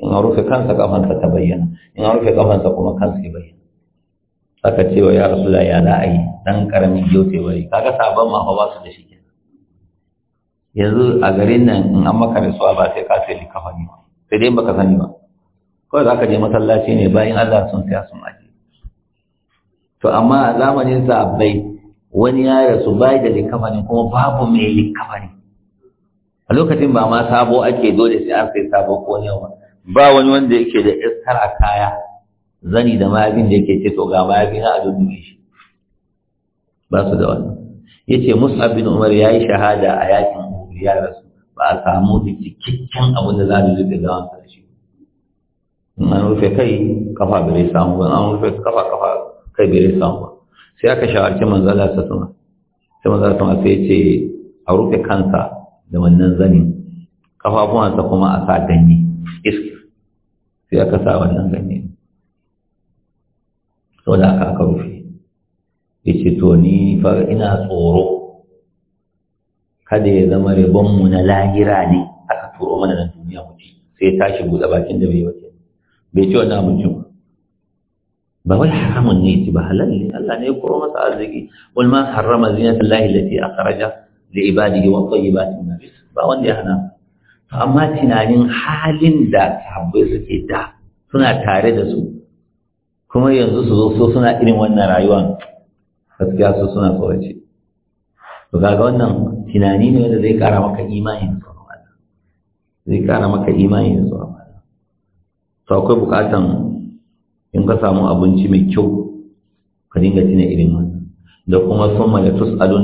Speaker 1: in an rufe kansa kafansa ta bayyana in an rufe kafansa kuma kansa ya bayyana aka cewa ya rasula ya za a yi dan karamin gyautewa ya kaga sabon ma ba su da shi kenan yanzu a garin nan in an maka rasuwa ba sai ka sai likafani ba sai dai baka sani ba kawai za ka je masallaci ne bayan Allah sun saya sun aje to amma a zamanin sahabbai wani ya rasu bai da likafani kuma babu mai likafani a lokacin ba ma sabo ake dole sai an sai sabo ko ne ba ba wani wanda yake da iskar a kaya zani da mayafin da yake ce to ga mayafin a dudduke shi ba su da wannan yace Mus'ab bin Umar yayi shahada a yakin ya rasu ba a samu da cikakken abin da za a rufe gawansa da shi ba. an rufe kai kafa bai samu ba an rufe kafa kafa kai bere samu ba sai aka shawarci manzala ta sama sai manzala ta sai ce a rufe kansa da wannan zani kafafuwansa kuma a sa ganye iska sai aka sa wannan ganye sau da aka aka rufe ya ce to ni fa ina tsoro kada ya zama rabonmu na lahira ne aka turo mana na duniya mu ci sai ya tashi buɗe bakin da bai yi wace bai ci wannan abincin ba wai haramun ne ci ba halal ne Allah ne ya koro masa arziki wal ma harrama zinata Allah allati akhraja li ibadihi wa tayyibati min rizq ba wanda ya hana to amma tunanin halin da sahabbai suke da suna tare da su kuma yanzu su zo so suna irin wannan rayuwar gaskiya su suna tsorace to kaga wannan tunani ne wanda zai kara maka imani da tsoron Allah zai kara maka imani da tsoron Allah to akwai bukatan in ka samu abinci mai kyau ka dinga tuna irin wannan da kuma sun mala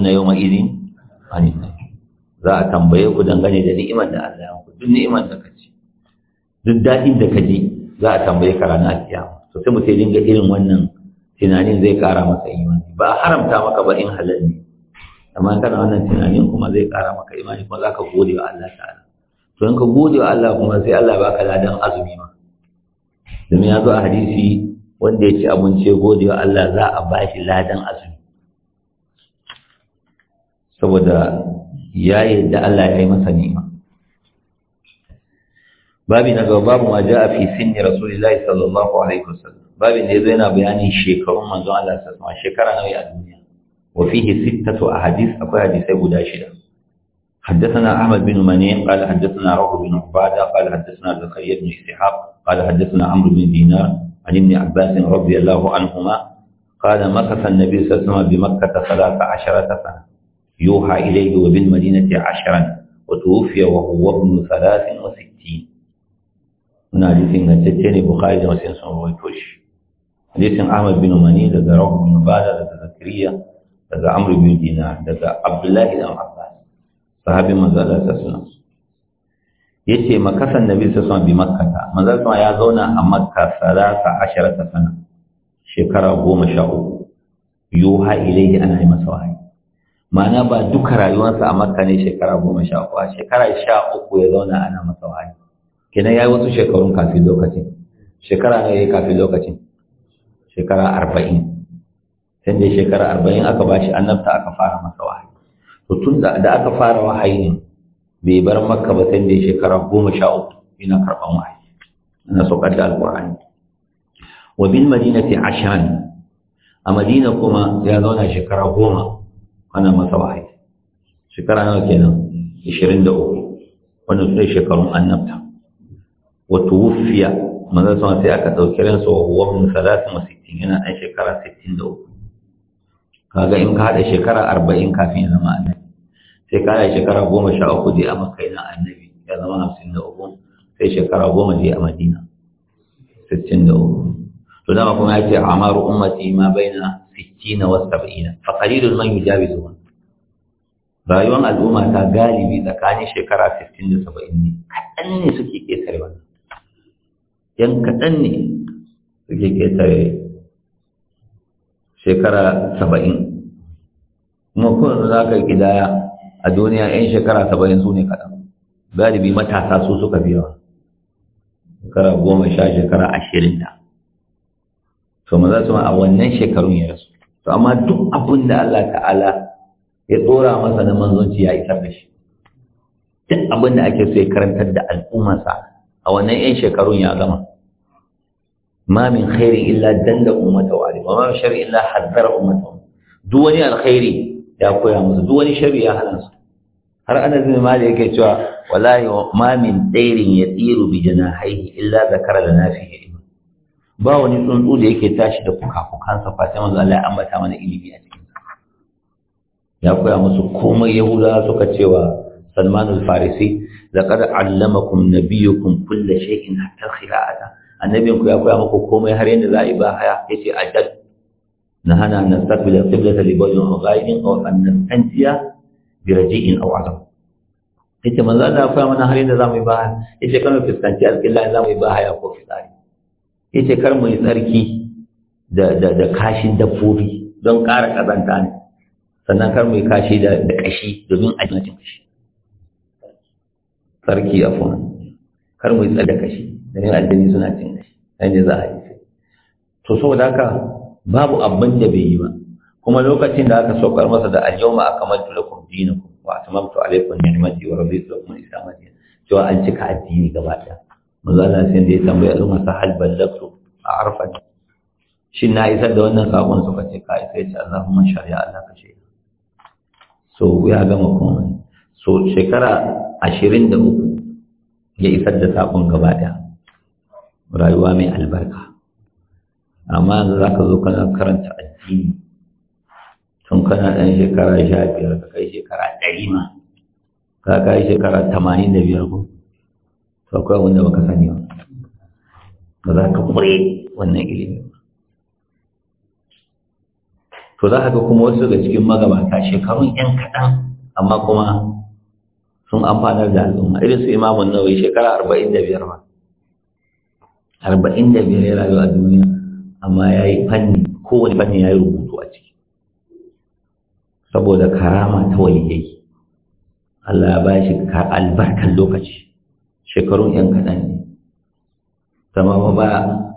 Speaker 1: na yawma irin anin za a tambaye ku dangane da ni'imar da Allah ya muku duk ni'imar da ka ci duk daɗin da ka ji za a tambaye ka ranar kiyama to sai mutum dinga irin wannan tunanin zai kara maka imani ba a haramta maka ba in halal ne amma kana wannan tunanin kuma zai ƙara maka imani kuma za ka gode wa Allah ta'ala to in ka gode wa Allah kuma sai Allah ya baka ladan azumi ma domin ya zo a hadisi wanda ya ci abinci gode wa Allah za a ba shi ladan azumi saboda ya yi Allah ya yi masa nima. babi na gaba babu ma ja'a fi sinni rasulillahi sallallahu alaihi wasallam babin da yazo yana bayanin shekarun manzon Allah sallallahu alaihi wasallam shekara nawa a duniya وفيه ستة أحاديث أكو حديثي بداشرة حدثنا أحمد بن مني قال حدثنا روح بن عبادة قال حدثنا زكريا بن إسحاق قال حدثنا عمرو بن دينار عن ابن عباس رضي الله عنهما قال مكث النبي صلى الله عليه وسلم بمكة ثلاث عشرة سنة يوحى إليه وبالمدينة عشرا وتوفي وهو ابن ثلاث وستين هنا حديث نتتين بخاري وسلم ويتوش حديث أحمد بن مني لدى روح بن عبادة لدى زكريا daga amr bin dina daga abdullahi ibn abbas sahabin manzo Allah sallallahu alaihi yace makasan nabi sallallahu alaihi bi makkata manzo Allah ya zauna a makka salasa asharata sana shekara goma sha uku yuha ilaihi ana yi masa wahayi ma'ana ba duka rayuwarsa a makka ne shekara goma sha uku a shekara sha uku ya zauna ana masa wahayi kenan ya yi wasu shekarun kafin lokacin shekara ne ya yi kafin lokacin shekara arba'in sai da shekara arba'in aka ba shi annabta aka fara masa wahayi to tun da aka fara wahayin bai bar makka ba sai da shekara goma sha uku ina karɓan wahayi ina saukar da alƙur'ani wa bil madinati ashan a madina kuma ya zauna shekara goma ana masa wahayi shekara nawa kenan ishirin da uku wannan su ne shekarun annabta wato wufiya manzan sama sai aka ɗauki ransa wa huwa mun salatin wa sittin yana ɗan shekara sittin da uku kaga in ka haɗa shekara arba'in kafin ya zama annabi sai ka haɗa shekara goma sha uku da ya maka yana annabi ya zama hamsin da uku sai shekara goma da ya madina sittin da uku to dama kuma ya ce amaru ummati ma baina sittina wa sab'ina fa qalilun man yujawizu rayuwar al'umma ta galibi tsakanin shekara 60 da 70 ne kaɗan ne suke ƙetare wani, yan kaɗan ne suke ƙetare shekara saba'in. kuma kun za ka kidaya a duniya yan shekara saba'in su ne kaɗan galibi matasa su suka fi yawa shekara goma sha shekara ashirin da to maza su ma a wannan shekarun ya rasu to amma duk abin da Allah ta'ala ya tsora masa na manzonci ya isar da shi duk abin da ake so ya karantar da al'ummarsa a wannan 'yan shekarun ya gama ma min khairin illa danda ummata wa alim ma min sharrin illa haddara ummata duk wani alkhairi ya koya musu duk wani shari'a ya hana su har ana zai ma yake cewa wallahi ma min tsairin ya tsiru bi haihi illa zakara da nafihi ba wani tsuntsu da yake tashi da kuka fukansa fata manzo Allah ya ambata mana ilimi a cikin ya koya musu komai yahuda suka cewa Salman al-Farisi laqad allamakum nabiyyukum kulla shay'in hatta al-khila'ata annabinku ya koya muku komai har yanda za a yi ba haya yace ajal نهانا أن نستقبل القبلة لبول غائب أو أن نستنجي برجيء أو عظم yace manzo Allah ya mana halin da zamu yi ba yace kar fuskanci alƙilla da zamu ba haya ko fitsari yace kar mu yi tsarki da da da kashin dabbobi don ƙara kazanta ne sannan kar mu yi kashi da da kashi domin a kashi tsarki a fona kar mu yi tsada kashi domin aljini suna cin kashi dan ne za a yi to saboda haka babu abin da bai yi ba kuma lokacin da aka saukar masa da alyawma akmaltu dina dinakum wa atmamtu alaikum ni'mati wa raditu lakum al-islam dinan cewa an cika addini gaba ɗaya manzo Allah sai da ya tambaya al'umma sa hal a arfa shin na isar da wannan sakon suka ce ka isa ce Allahumma shari'a Allah ka ce so ya gama kuma so shekara ashirin da uku ya isar da sakon gaba ɗaya rayuwa mai albarka amma yanzu za ka zo kana karanta addini tun kana ɗan shekara sha biyar ka kai shekara ɗari ma ka kai shekara tamanin da biyar ko to akwai abin da baka sani ba ba za ka kure wannan ilimi ba to za ka ga kuma wasu daga cikin magabata shekarun yan kaɗan amma kuma sun amfanar da al'umma irin su imamun nawawi shekara arba'in da biyar ba arba'in da biyar ya rayu a duniya amma ya yi fanni kowane fanni ya yi rubutu a ciki saboda karama ta waliyai Allah ya ba shi albarkan lokaci shekarun ‘yan kaɗan ne sama ba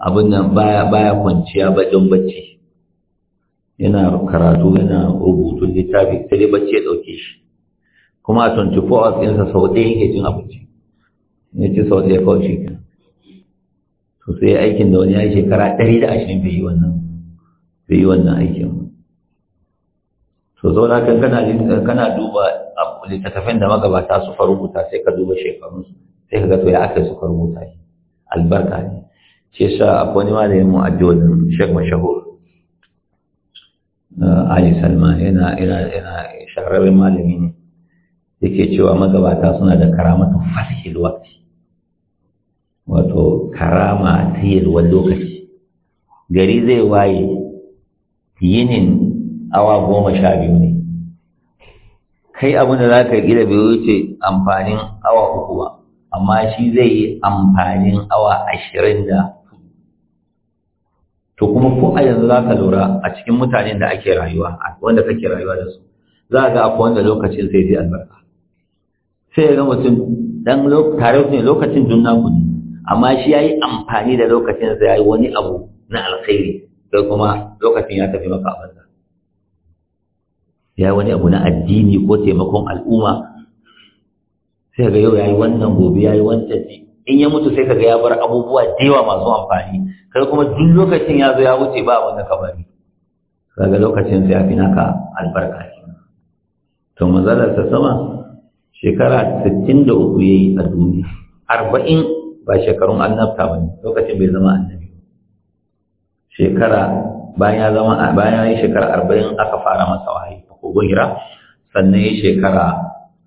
Speaker 1: abin nan baya baya kwanciya bajan bacci yana karatu yana rubutu littafi sai dai bacci ya ɗauke shi kuma a 24 hours ɗinsa sau ɗaya yake jin abinci ya ci sau ɗaya kawai shi to sai aikin da wani ya shekara ɗari da ashirin bai yi wannan bai yi wannan aikin to zauna kan kana kana duba littattafan da magabata faru buta sai ka duba shekarunsu sai ka ga to ya aka su rubuta shi albarka ne shi yasa akwai wani malamin mu addu'a Sheikh Mashahur uh, Ali Salman yana yana yana shahararren malami ne yake cewa magabata suna da karamatan fasihil waqti wato karama ta yalwar lokaci gari zai waye yinin awa goma sha biyu ne kai abin da za ka gida bai wuce amfanin awa uku ba amma shi zai yi amfanin awa ashirin da to kuma ko a yanzu za ka lura a cikin mutanen da ake rayuwa wanda kake rayuwa da su za ga akwai wanda lokacin sai sai albarka sai ya ga mutum dan tare ne lokacin dunna ku amma shi ya yi amfani da lokacinsa ya yi wani abu na alkhairi sai kuma lokacin ya tafi maka abinda ya yi wani abu na addini ko taimakon al'umma sai ga yau ya yi wannan gobe ya yi wancan in ya mutu sai kaga ya bar abubuwa da yawa masu amfani kai kuma duk lokacin ya zo ya wuce ba wanda ka bari kaga lokacin sai ya fi naka albarka to mazalar ta sama shekara 63 yayi a duniya 40 ba shekarun annabta ba ne lokacin bai zama annabi shekara bayan ya zama bayan ya shekara arba'in aka fara masa wahayi a kogon sannan ya shekara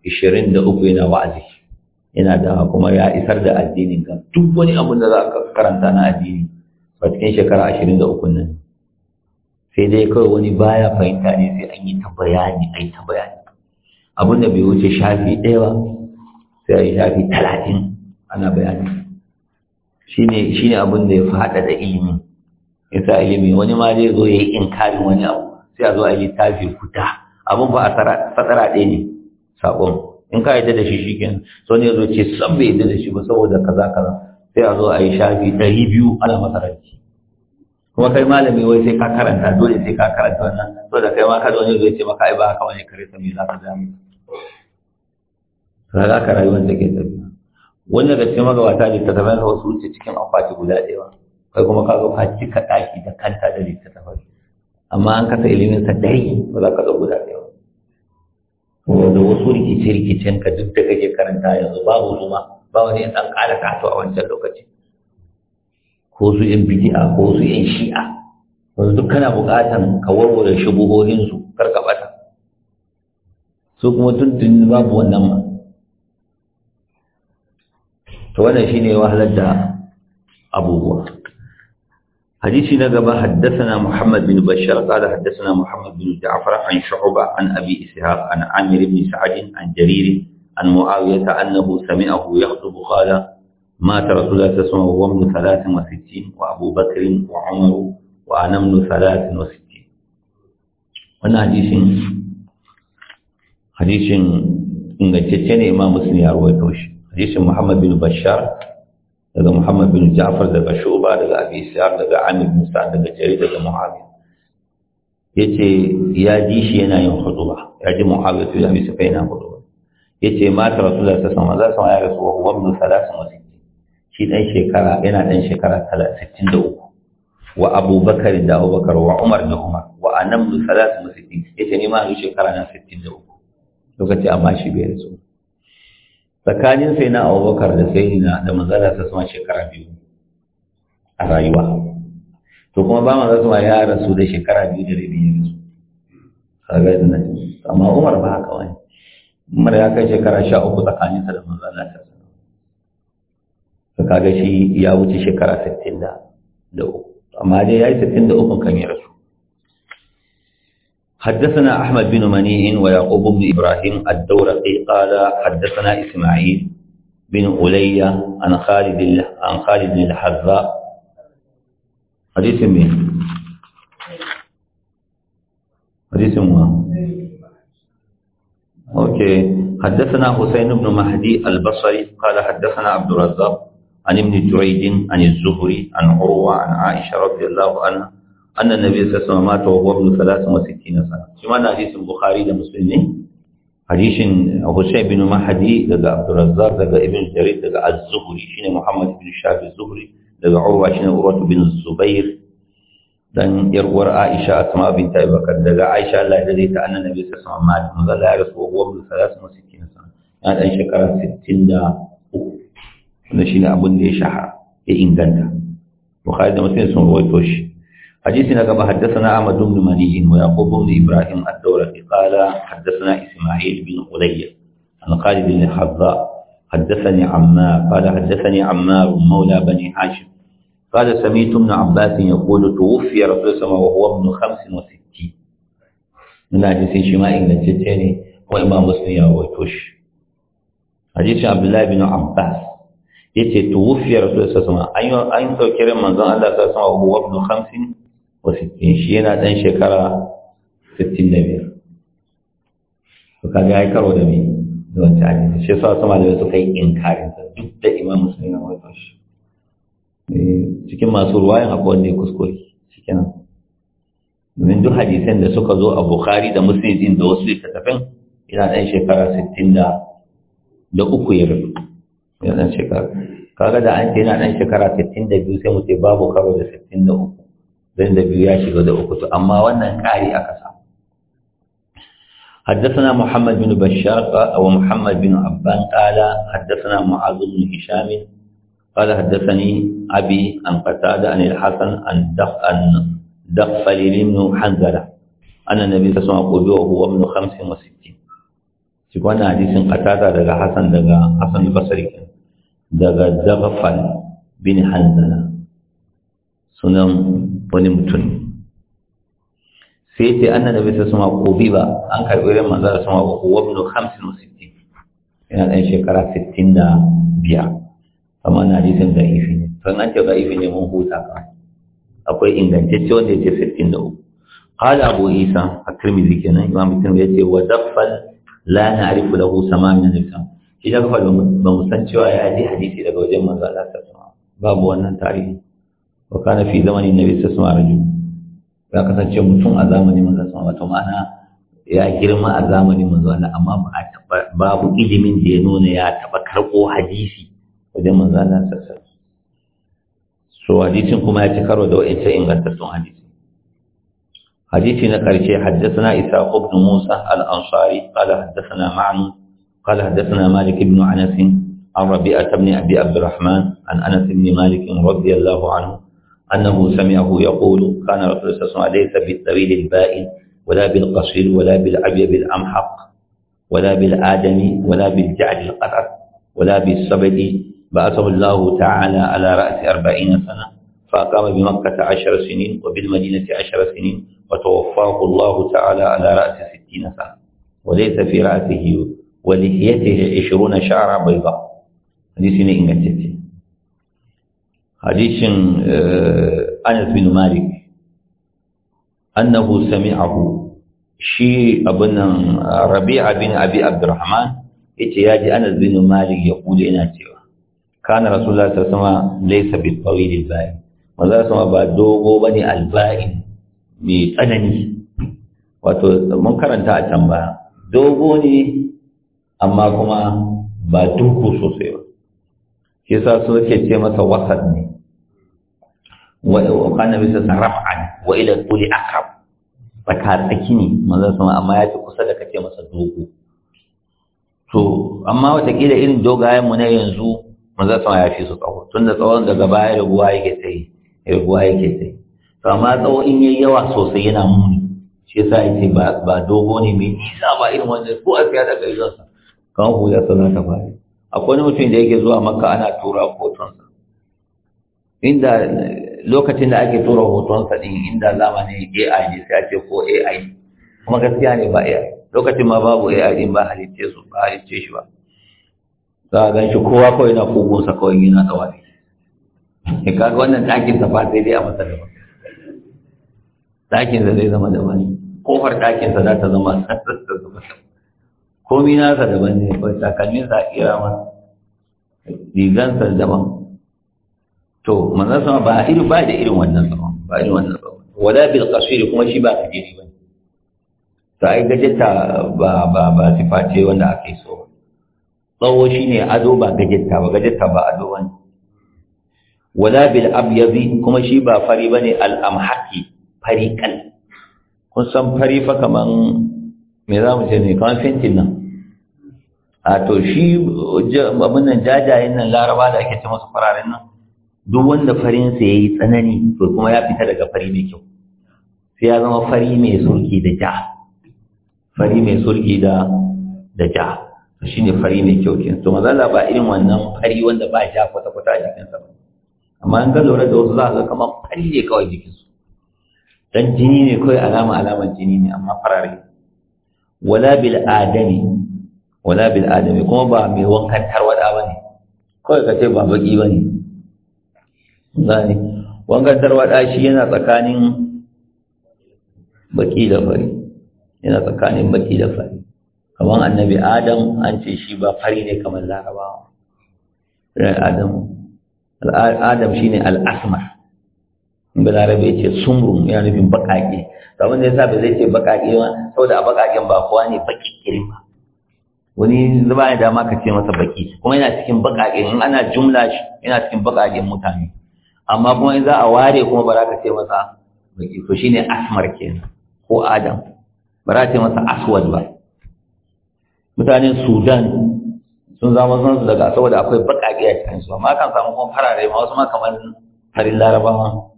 Speaker 1: ishirin da uku yana wa'azi yana da kuma ya isar da addinin ga duk wani abun da za ka karanta na addini ba cikin shekara ashirin da uku nan sai dai kawai wani baya fahimta ne sai an yi ta bayani a yi ta bayani Abun da bai wuce shafi ɗaya ba sai a yi shafi talatin ana bayani shine shine abin da ya fi haɗa da ilimi sa ilimi wani ma zai zo ya in inkarin wani abu sai a zo a yi littafi kuta abin ba a fatara ɗaya ne saƙon in ka yadda da shi kenan. so ne zo ce san bai yadda da shi ba saboda kaza kaza sai a zo a yi shafi ɗari biyu ala masararci. kuma kai malami wai sai ka karanta dole sai ka karanta wannan so da kai ma ka zo ne zo ce maka ai ba ka wani kare sami za ka zama kaga ka rayuwar take tafiya wannan da cikin magabata Littattafai na wasu wuce cikin akwati guda ɗaya kai kuma ka zo ka cika ɗaki da kanta da Littattafai, amma an kasa ilimin sa dai ba za ka zo guda ɗaya ba da wasu rikice-rikicen ka duk da kake karanta yanzu babu zuma ba wani ya ɗan ƙara tato a wancan lokaci ko su yan bidi'a ko su yan shi'a wanda duk kana buƙatan ka warware shubuhohinsu kar ka ɓata su kuma tuntun babu wannan to wannan shine wahalar da abubuwa hadisi na gaba haddathana Muhammad bin Bashar qala haddathana Muhammad bin Ja'far an Shu'ba an Abi Ishaq an Amir ibn Sa'd an Jarir an Muawiyah annahu sami'ahu yakhthubu qala مات رسول الله صلى الله عليه وسلم وهو ابن 63 وابو بكر وعمر وانا ابن 63 wannan hadisin hadisin ingantacce ne imam muslim ya ruwaito shi hadisin Muhammad bin Bashar daga Muhammad bin Ja'far daga Shuba daga Abi Sa'id daga Amir Musa daga Jarir daga Muawiya yace ya ji shi yana yin huduba ya ji Muawiya to ya bi sai yana huduba yace mata Rasulullahi sallallahu alaihi wasallam ya rasu wa huwa min 63 shi dan shekara yana dan shekara 63 wa Abu Bakar da Abu Bakar wa Umar da Umar wa anam 63 yace ni ma a shekara na 63 lokaci amma shi bai rasu tsakanin sai na abubakar da sai na da manzala ta sama shekara biyu a rayuwa to kuma ba manzala sama ya rasu da shekara biyu da rabi ya rasu kaga amma umar ba haka wani umar ya kai shekara sha uku tsakaninsa da manzala ta sama to kaga shi ya wuce shekara sittin da uku amma dai ya yi sittin da uku kan ya rasu حدثنا أحمد بن منيع ويعقوب بن إبراهيم الدورقي قال حدثنا إسماعيل بن أولية عن خالد عن خالد الحذاء حديث مين؟ حديث ما أوكي حدثنا حسين بن مهدي البصري قال حدثنا عبد الرزاق عن ابن جريد عن الزهري عن عروة عن عائشة رضي الله عنها annan nabi sallallahu alaihi wasallam wa qablu 63 sana shi da hadisin bukhari da muslim ne hadisin Husayn bin Mahdi daga Abdurrazzaq daga Ibn Jarir daga Az-Zuhri shine Muhammad bin Shafi Zuhri daga Urwa shine Urwa bin dan yar uwar Aisha Asma binta Abi Bakar daga Aisha Allah ya dade ta annabi sallallahu alaihi wasallam manzo Allah ya rasu wa bin 63 sana ya dan shekara 63 wannan shine abin da ya shahara ya inganta Bukhari da Muslim sun rawaito shi حديثنا كما حدثنا أحمد بن مني ويعقوب بن إبراهيم الدورقي قال حدثنا إسماعيل بن علي عن خالد بن الحظاء حدثني عمار قال حدثني عمار مولى بني هاشم قال سميت ابن عباس يقول توفي رسول الله وهو ابن خمس وستين من حديث شماء الجتين وإمام مسلم يرويتوش حديث عبد الله بن عباس yace tuwfiya rasul sallallahu alaihi wasallam an من زمان الله صلى الله عليه وسلم وهو ابن خمس 50 wasittin shi yana ɗan shekara sittin da biyar to ka ga karo da mai zuwanci wancan hadisi shi sa sama da suka yi inkarin sa duk da imam musulmi na wata shi eh, cikin masu ruwayan akwai wanda ya kuskure cikin domin duk hadisan da suka zo a bukhari da musulmi din da wasu littattafan yana ɗan shekara sittin da da uku ya rabu yana ɗan shekara kaga da an ce yana ɗan shekara sittin sai mu ce babu karo da sittin da uku dan da biyu ya shiga da uku to amma wannan ƙari aka samu حدثنا محمد بن بشار أو محمد بن عبان قال حدثنا معاذ بن هشام قال حدثني أبي عن قتادة عن الحسن عن دق عن دقفل بن حنزلة أن النبي صلى الله عليه وسلم قدوه وابن خمس وستين شكوان حديث قتادة دقى حسن دقى حسن البصري دقى دقفل بن حنزلة سنن wani mutum sai ce annan nabi sai suma kobi ba an karɓi ran manzo da suma hamsin ibn sittin. yana dan shekara sittin da biya amma na ji sun da'ifi ne to an ce da'ifi ne mun huta ka akwai ingantacce wanda yake 63 qala abu isa at-tirmidhi kenan imam at-tirmidhi yace wa daffal la na'rifu lahu sama'an nabi idan ka ba mu san cewa ya ji hadisi daga wajen manzo Allah sallallahu alaihi babu wannan tarihi wa kana fi zamanin nabi sallallahu alaihi wasallam ya kasance mutum a zamanin manzo sallallahu alaihi ma'ana ya girma a zamanin manzo Allah amma ba a taba babu ilimin da ya nuna ya taba karbo hadisi wajen manzo Allah sallallahu so hadisin kuma ya ci karo da wa'ancan ingantattun hadisi na نقرشي Haddasana Isa, بن Musa, الأنصاري قال حدثنا معن قال حدثنا مالك بن أنس عن ربيعة بن أبي عبد الرحمن عن أنس بن مالك رضي الله عنه أنه سمعه يقول كان رسول الله صلى الله عليه وسلم ليس بالطويل البائن ولا بالقصير ولا بالأبيب الأمحق ولا بالآدم ولا بالجعد القرر ولا بالصبد بعثه الله تعالى على رأس أربعين سنة فأقام بمكة عشر سنين وبالمدينة عشر سنين وتوفاه الله تعالى على رأس ستين سنة وليس في رأسه ولحيته عشرون شعرا بيضاء هذه سنة إنجلتي hadisin eh, Anas bin Malik annahu sami'ahu shi abunan Rabi'a bin Abi Abdurrahman yace ya ji Anas bin Malik ya kuda yana cewa kana Rasulullah sallallahu alaihi wasallam laysa bi tawilil ba'i maza sama ba dogo bane alba'in mai tsanani wato mun karanta a can ba dogo ne amma kuma ba duku sosai ba shi su ke ce masa wasat ne وكان bisa sarrafa a عليه wa رفعا والى الطول اقرب tsaki ne manzon sama amma ya fi kusa da kake masa dogo to amma kila irin dogayen mu na yanzu manzon sama ya fi su tsawo tunda tsawon daga baya ruwa yake tsaye ruwa yake tsayi to amma tsawo in yayi yawa sosai yana muni shi yasa yace ba ba dogo ne mai nisa ba irin wanda ko a fiya daga sa kan hula sana ta baya akwai wani mutum da yake zuwa makka ana tura hotonsa inda lokacin da ake tura hotonsa ɗin inda zamanin AI ne sai ake ce ko AI kuma gaskiya ne ba AI lokacin ma babu AI ɗin ba halitce su ba halitce shi ba za a gan shi kowa kawai na kogonsa kawai yana tsawa ne kaga wannan ɗakin sa ba sai dai a masa daban ɗakin sa zai zama daban kofar ɗakin sa za ta zama komi nasa daban ne kawai takalmin sa a kira masa rigansa daban to manzon sama ba iri ba da irin wannan sama ba irin wannan sama wala bil qasir kuma shi ba ka hadisi ba to ai gajetta ba ba ba siface wanda ake so tsawo shine ado ba gajetta ba gajetta ba ado wani wala bil abyadi kuma shi ba fari bane al amhaqi fariqan kun san fari fa kaman me za mu ce ne kaman fentin nan a to shi abin nan jajayen nan laraba da ake ce masu fararen nan duk wanda farinsa ya yi tsanani to kuma ya fita daga fari mai kyau sai ya zama fari mai sulki da ja fari mai sulki da da ja shi ne fari mai kyau kin to mazalla ba irin wannan fari wanda ba ja kwata-kwata a jikinsa ba amma an ga lura da wasu za ka kama fari ne kawai jikinsu dan jini ne kawai alama alamar jini ne amma farare wala bil adami wala bil adami kuma ba mai wankan tarwada bane kawai ka ce ba baki bane zane wangar tarwada shi yana tsakanin baki da fari yana tsakanin baki da fari kamar annabi adam an ce shi ba fari ne kamar larabawa ran adam al'adam ne al'asmar ba larabe ce sumrum yana nufin bakake kamar da yasa ba zai ce bakake ba saboda a bakaken ba kowa ne baki kirin ba wani zuba ya dama ka ce masa baki kuma yana cikin bakake in ana jumla shi yana cikin bakaken mutane amma kuma in za a ware kuma ba za ka ce masa baki to shine asmar kenan ko adam ba za ce masa aswad ba mutanen sudan sun zama sun su daga saboda akwai baƙaƙe a cikin su amma kan samu kuma farare ma wasu ma kamar farin larabawa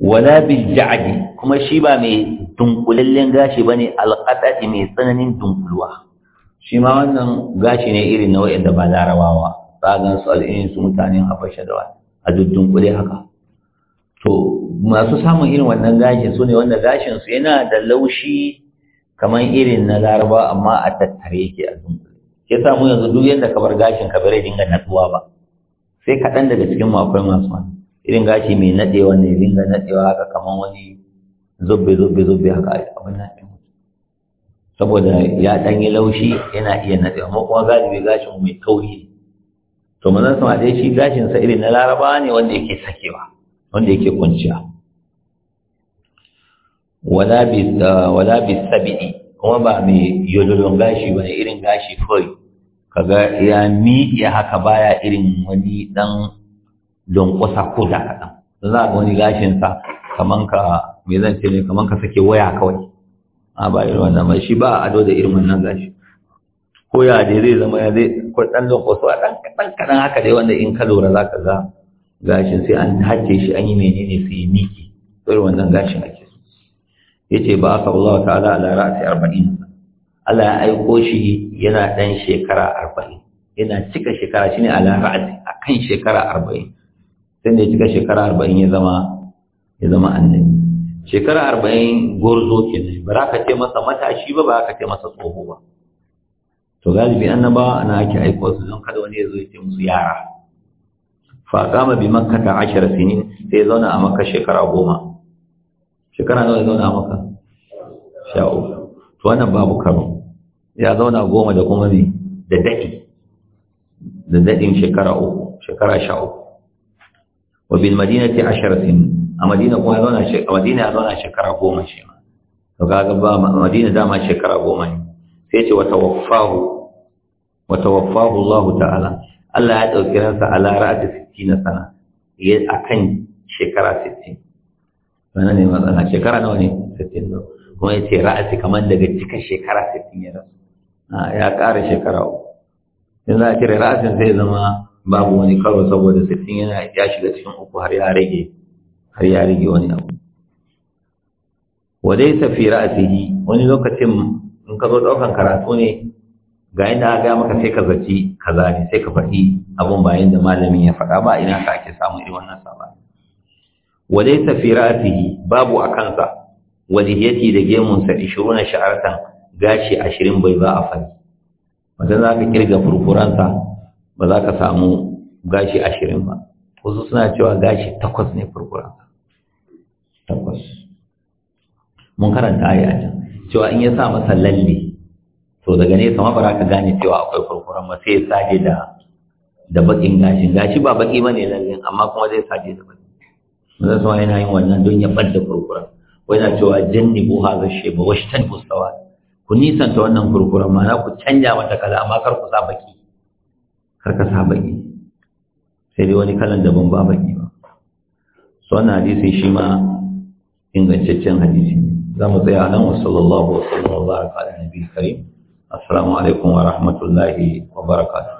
Speaker 1: wala bil ja'di kuma shi ba mai dunkulallen gashi bane alqatati mai tsananin dunkulwa. shi ma wannan gashi ne irin na wa'anda ba larabawa za a gansu su mutanen habasha da wani a duddun haka to masu samun irin wannan gashin su ne wanda gashin su yana da laushi kamar irin na laraba amma a tattare yake a dunkule ke samu yanzu duk yadda ka bar gashin ka bare dinga natsuwa ba sai kaɗan daga cikin akwai masu wani irin gashi mai nadewa ne dinga nadewa haka kamar wani zubbe zubbe zubbe haka abin nan saboda ya ɗan yi laushi yana iya naɗewa amma kuma galibi gashin mai kauri to manzon shi gashin sa irin na laraba ne wanda yake sakewa wanda yake kunciya wala bi kuma ba mai yololon gashi ba irin gashi kawai kaga ya mi haka baya irin wani dan lunkusa ko da kadan za ga wani gashin sa kaman ka me zan ne kaman ka sake waya kawai a ba irin wannan ba shi ba ado da irin wannan gashi ko ya dai zai zama ya zai kwaɗan a ɗan kaɗan kaɗan haka dai wanda in ka lura za ka ga gashin sai an hake shi an yi menene sai yi miki irin wannan gashin ake so ya ce ba aka Allah ta'ala ala ra'asi arba'in Allah ya aiko shi yana ɗan shekara arba'in yana cika shekara shine ala ra'asi a kan shekara arba'in sai ne cika shekara arba'in ya zama ya zama annabi shekara arba'in gwarzo kenan ba za ka ce masa matashi ba ba za ka ce masa tsoho ba to galibi annaba ana ake aiko su don kada wani ya zo ya musu yara fa kama bi makka ta ashar sinin sai zauna a makka shekara goma shekara nawa zauna a makka sha uku to wannan babu karo ya zauna goma da kuma bi da daɗi da daɗin shekara uku shekara sha uku wa bil madinati ashar sinin a madina kuma zauna a madina ya zauna shekara goma shi ma to kaga ba madina dama shekara goma ne sai ce wa tawaffahu watawaffahu tawaffahu Allah ta'ala Allah ya dauki ransa a lara da 60 sana ya akan shekara 60 wannan ne matsala shekara nawa ne 60 ne kuma ya ce ra'asi kamar daga cikin shekara 60 ya rasu ah, ya ƙara shekara uku in za a cire ra'asin sai zama babu wani karo saboda 60 yana ya shiga cikin uku har ya rage har ya rage wani abu wa dai tafi ra'asihi wani lokacin in ka zo daukan karatu ne ga yadda aka gaya maka sai ka zaci kaza ne sai ka faɗi abin bayan da malamin ya faɗa ba ina ka ake samun irin wannan sabani walaysa fi ra'sihi babu a kansa wajhiyati da gemun sa 20 sha'aratan gashi 20 bai za a fari wajen za ka kirga furfuransa ba za ka samu gashi 20 ba wasu suna cewa gashi takwas ne furfuransa takwas mun karanta aya can cewa in ya sa masa lalle to daga nesa ma ba ka gane cewa akwai kurkuren ba sai ya saje da da bakin gashin gashi ba baki bane lallin amma kuma zai saje da baki manzon sama yana yin wannan don ya bar da kurkuren na cewa shi ba washi washtanbu sawa ku nisanta wannan kurkuren na ku canja mata kala amma kar ku sa baki kar ka sa baki sai dai wani kalan ban ba baki ba so wannan hadisi shi ma ingantaccen hadisi za mu tsaya nan wa sallallahu wa sallam wa baraka ala nabiyil karim assalamu alaikum wa rahmatullahi wa barakatuh.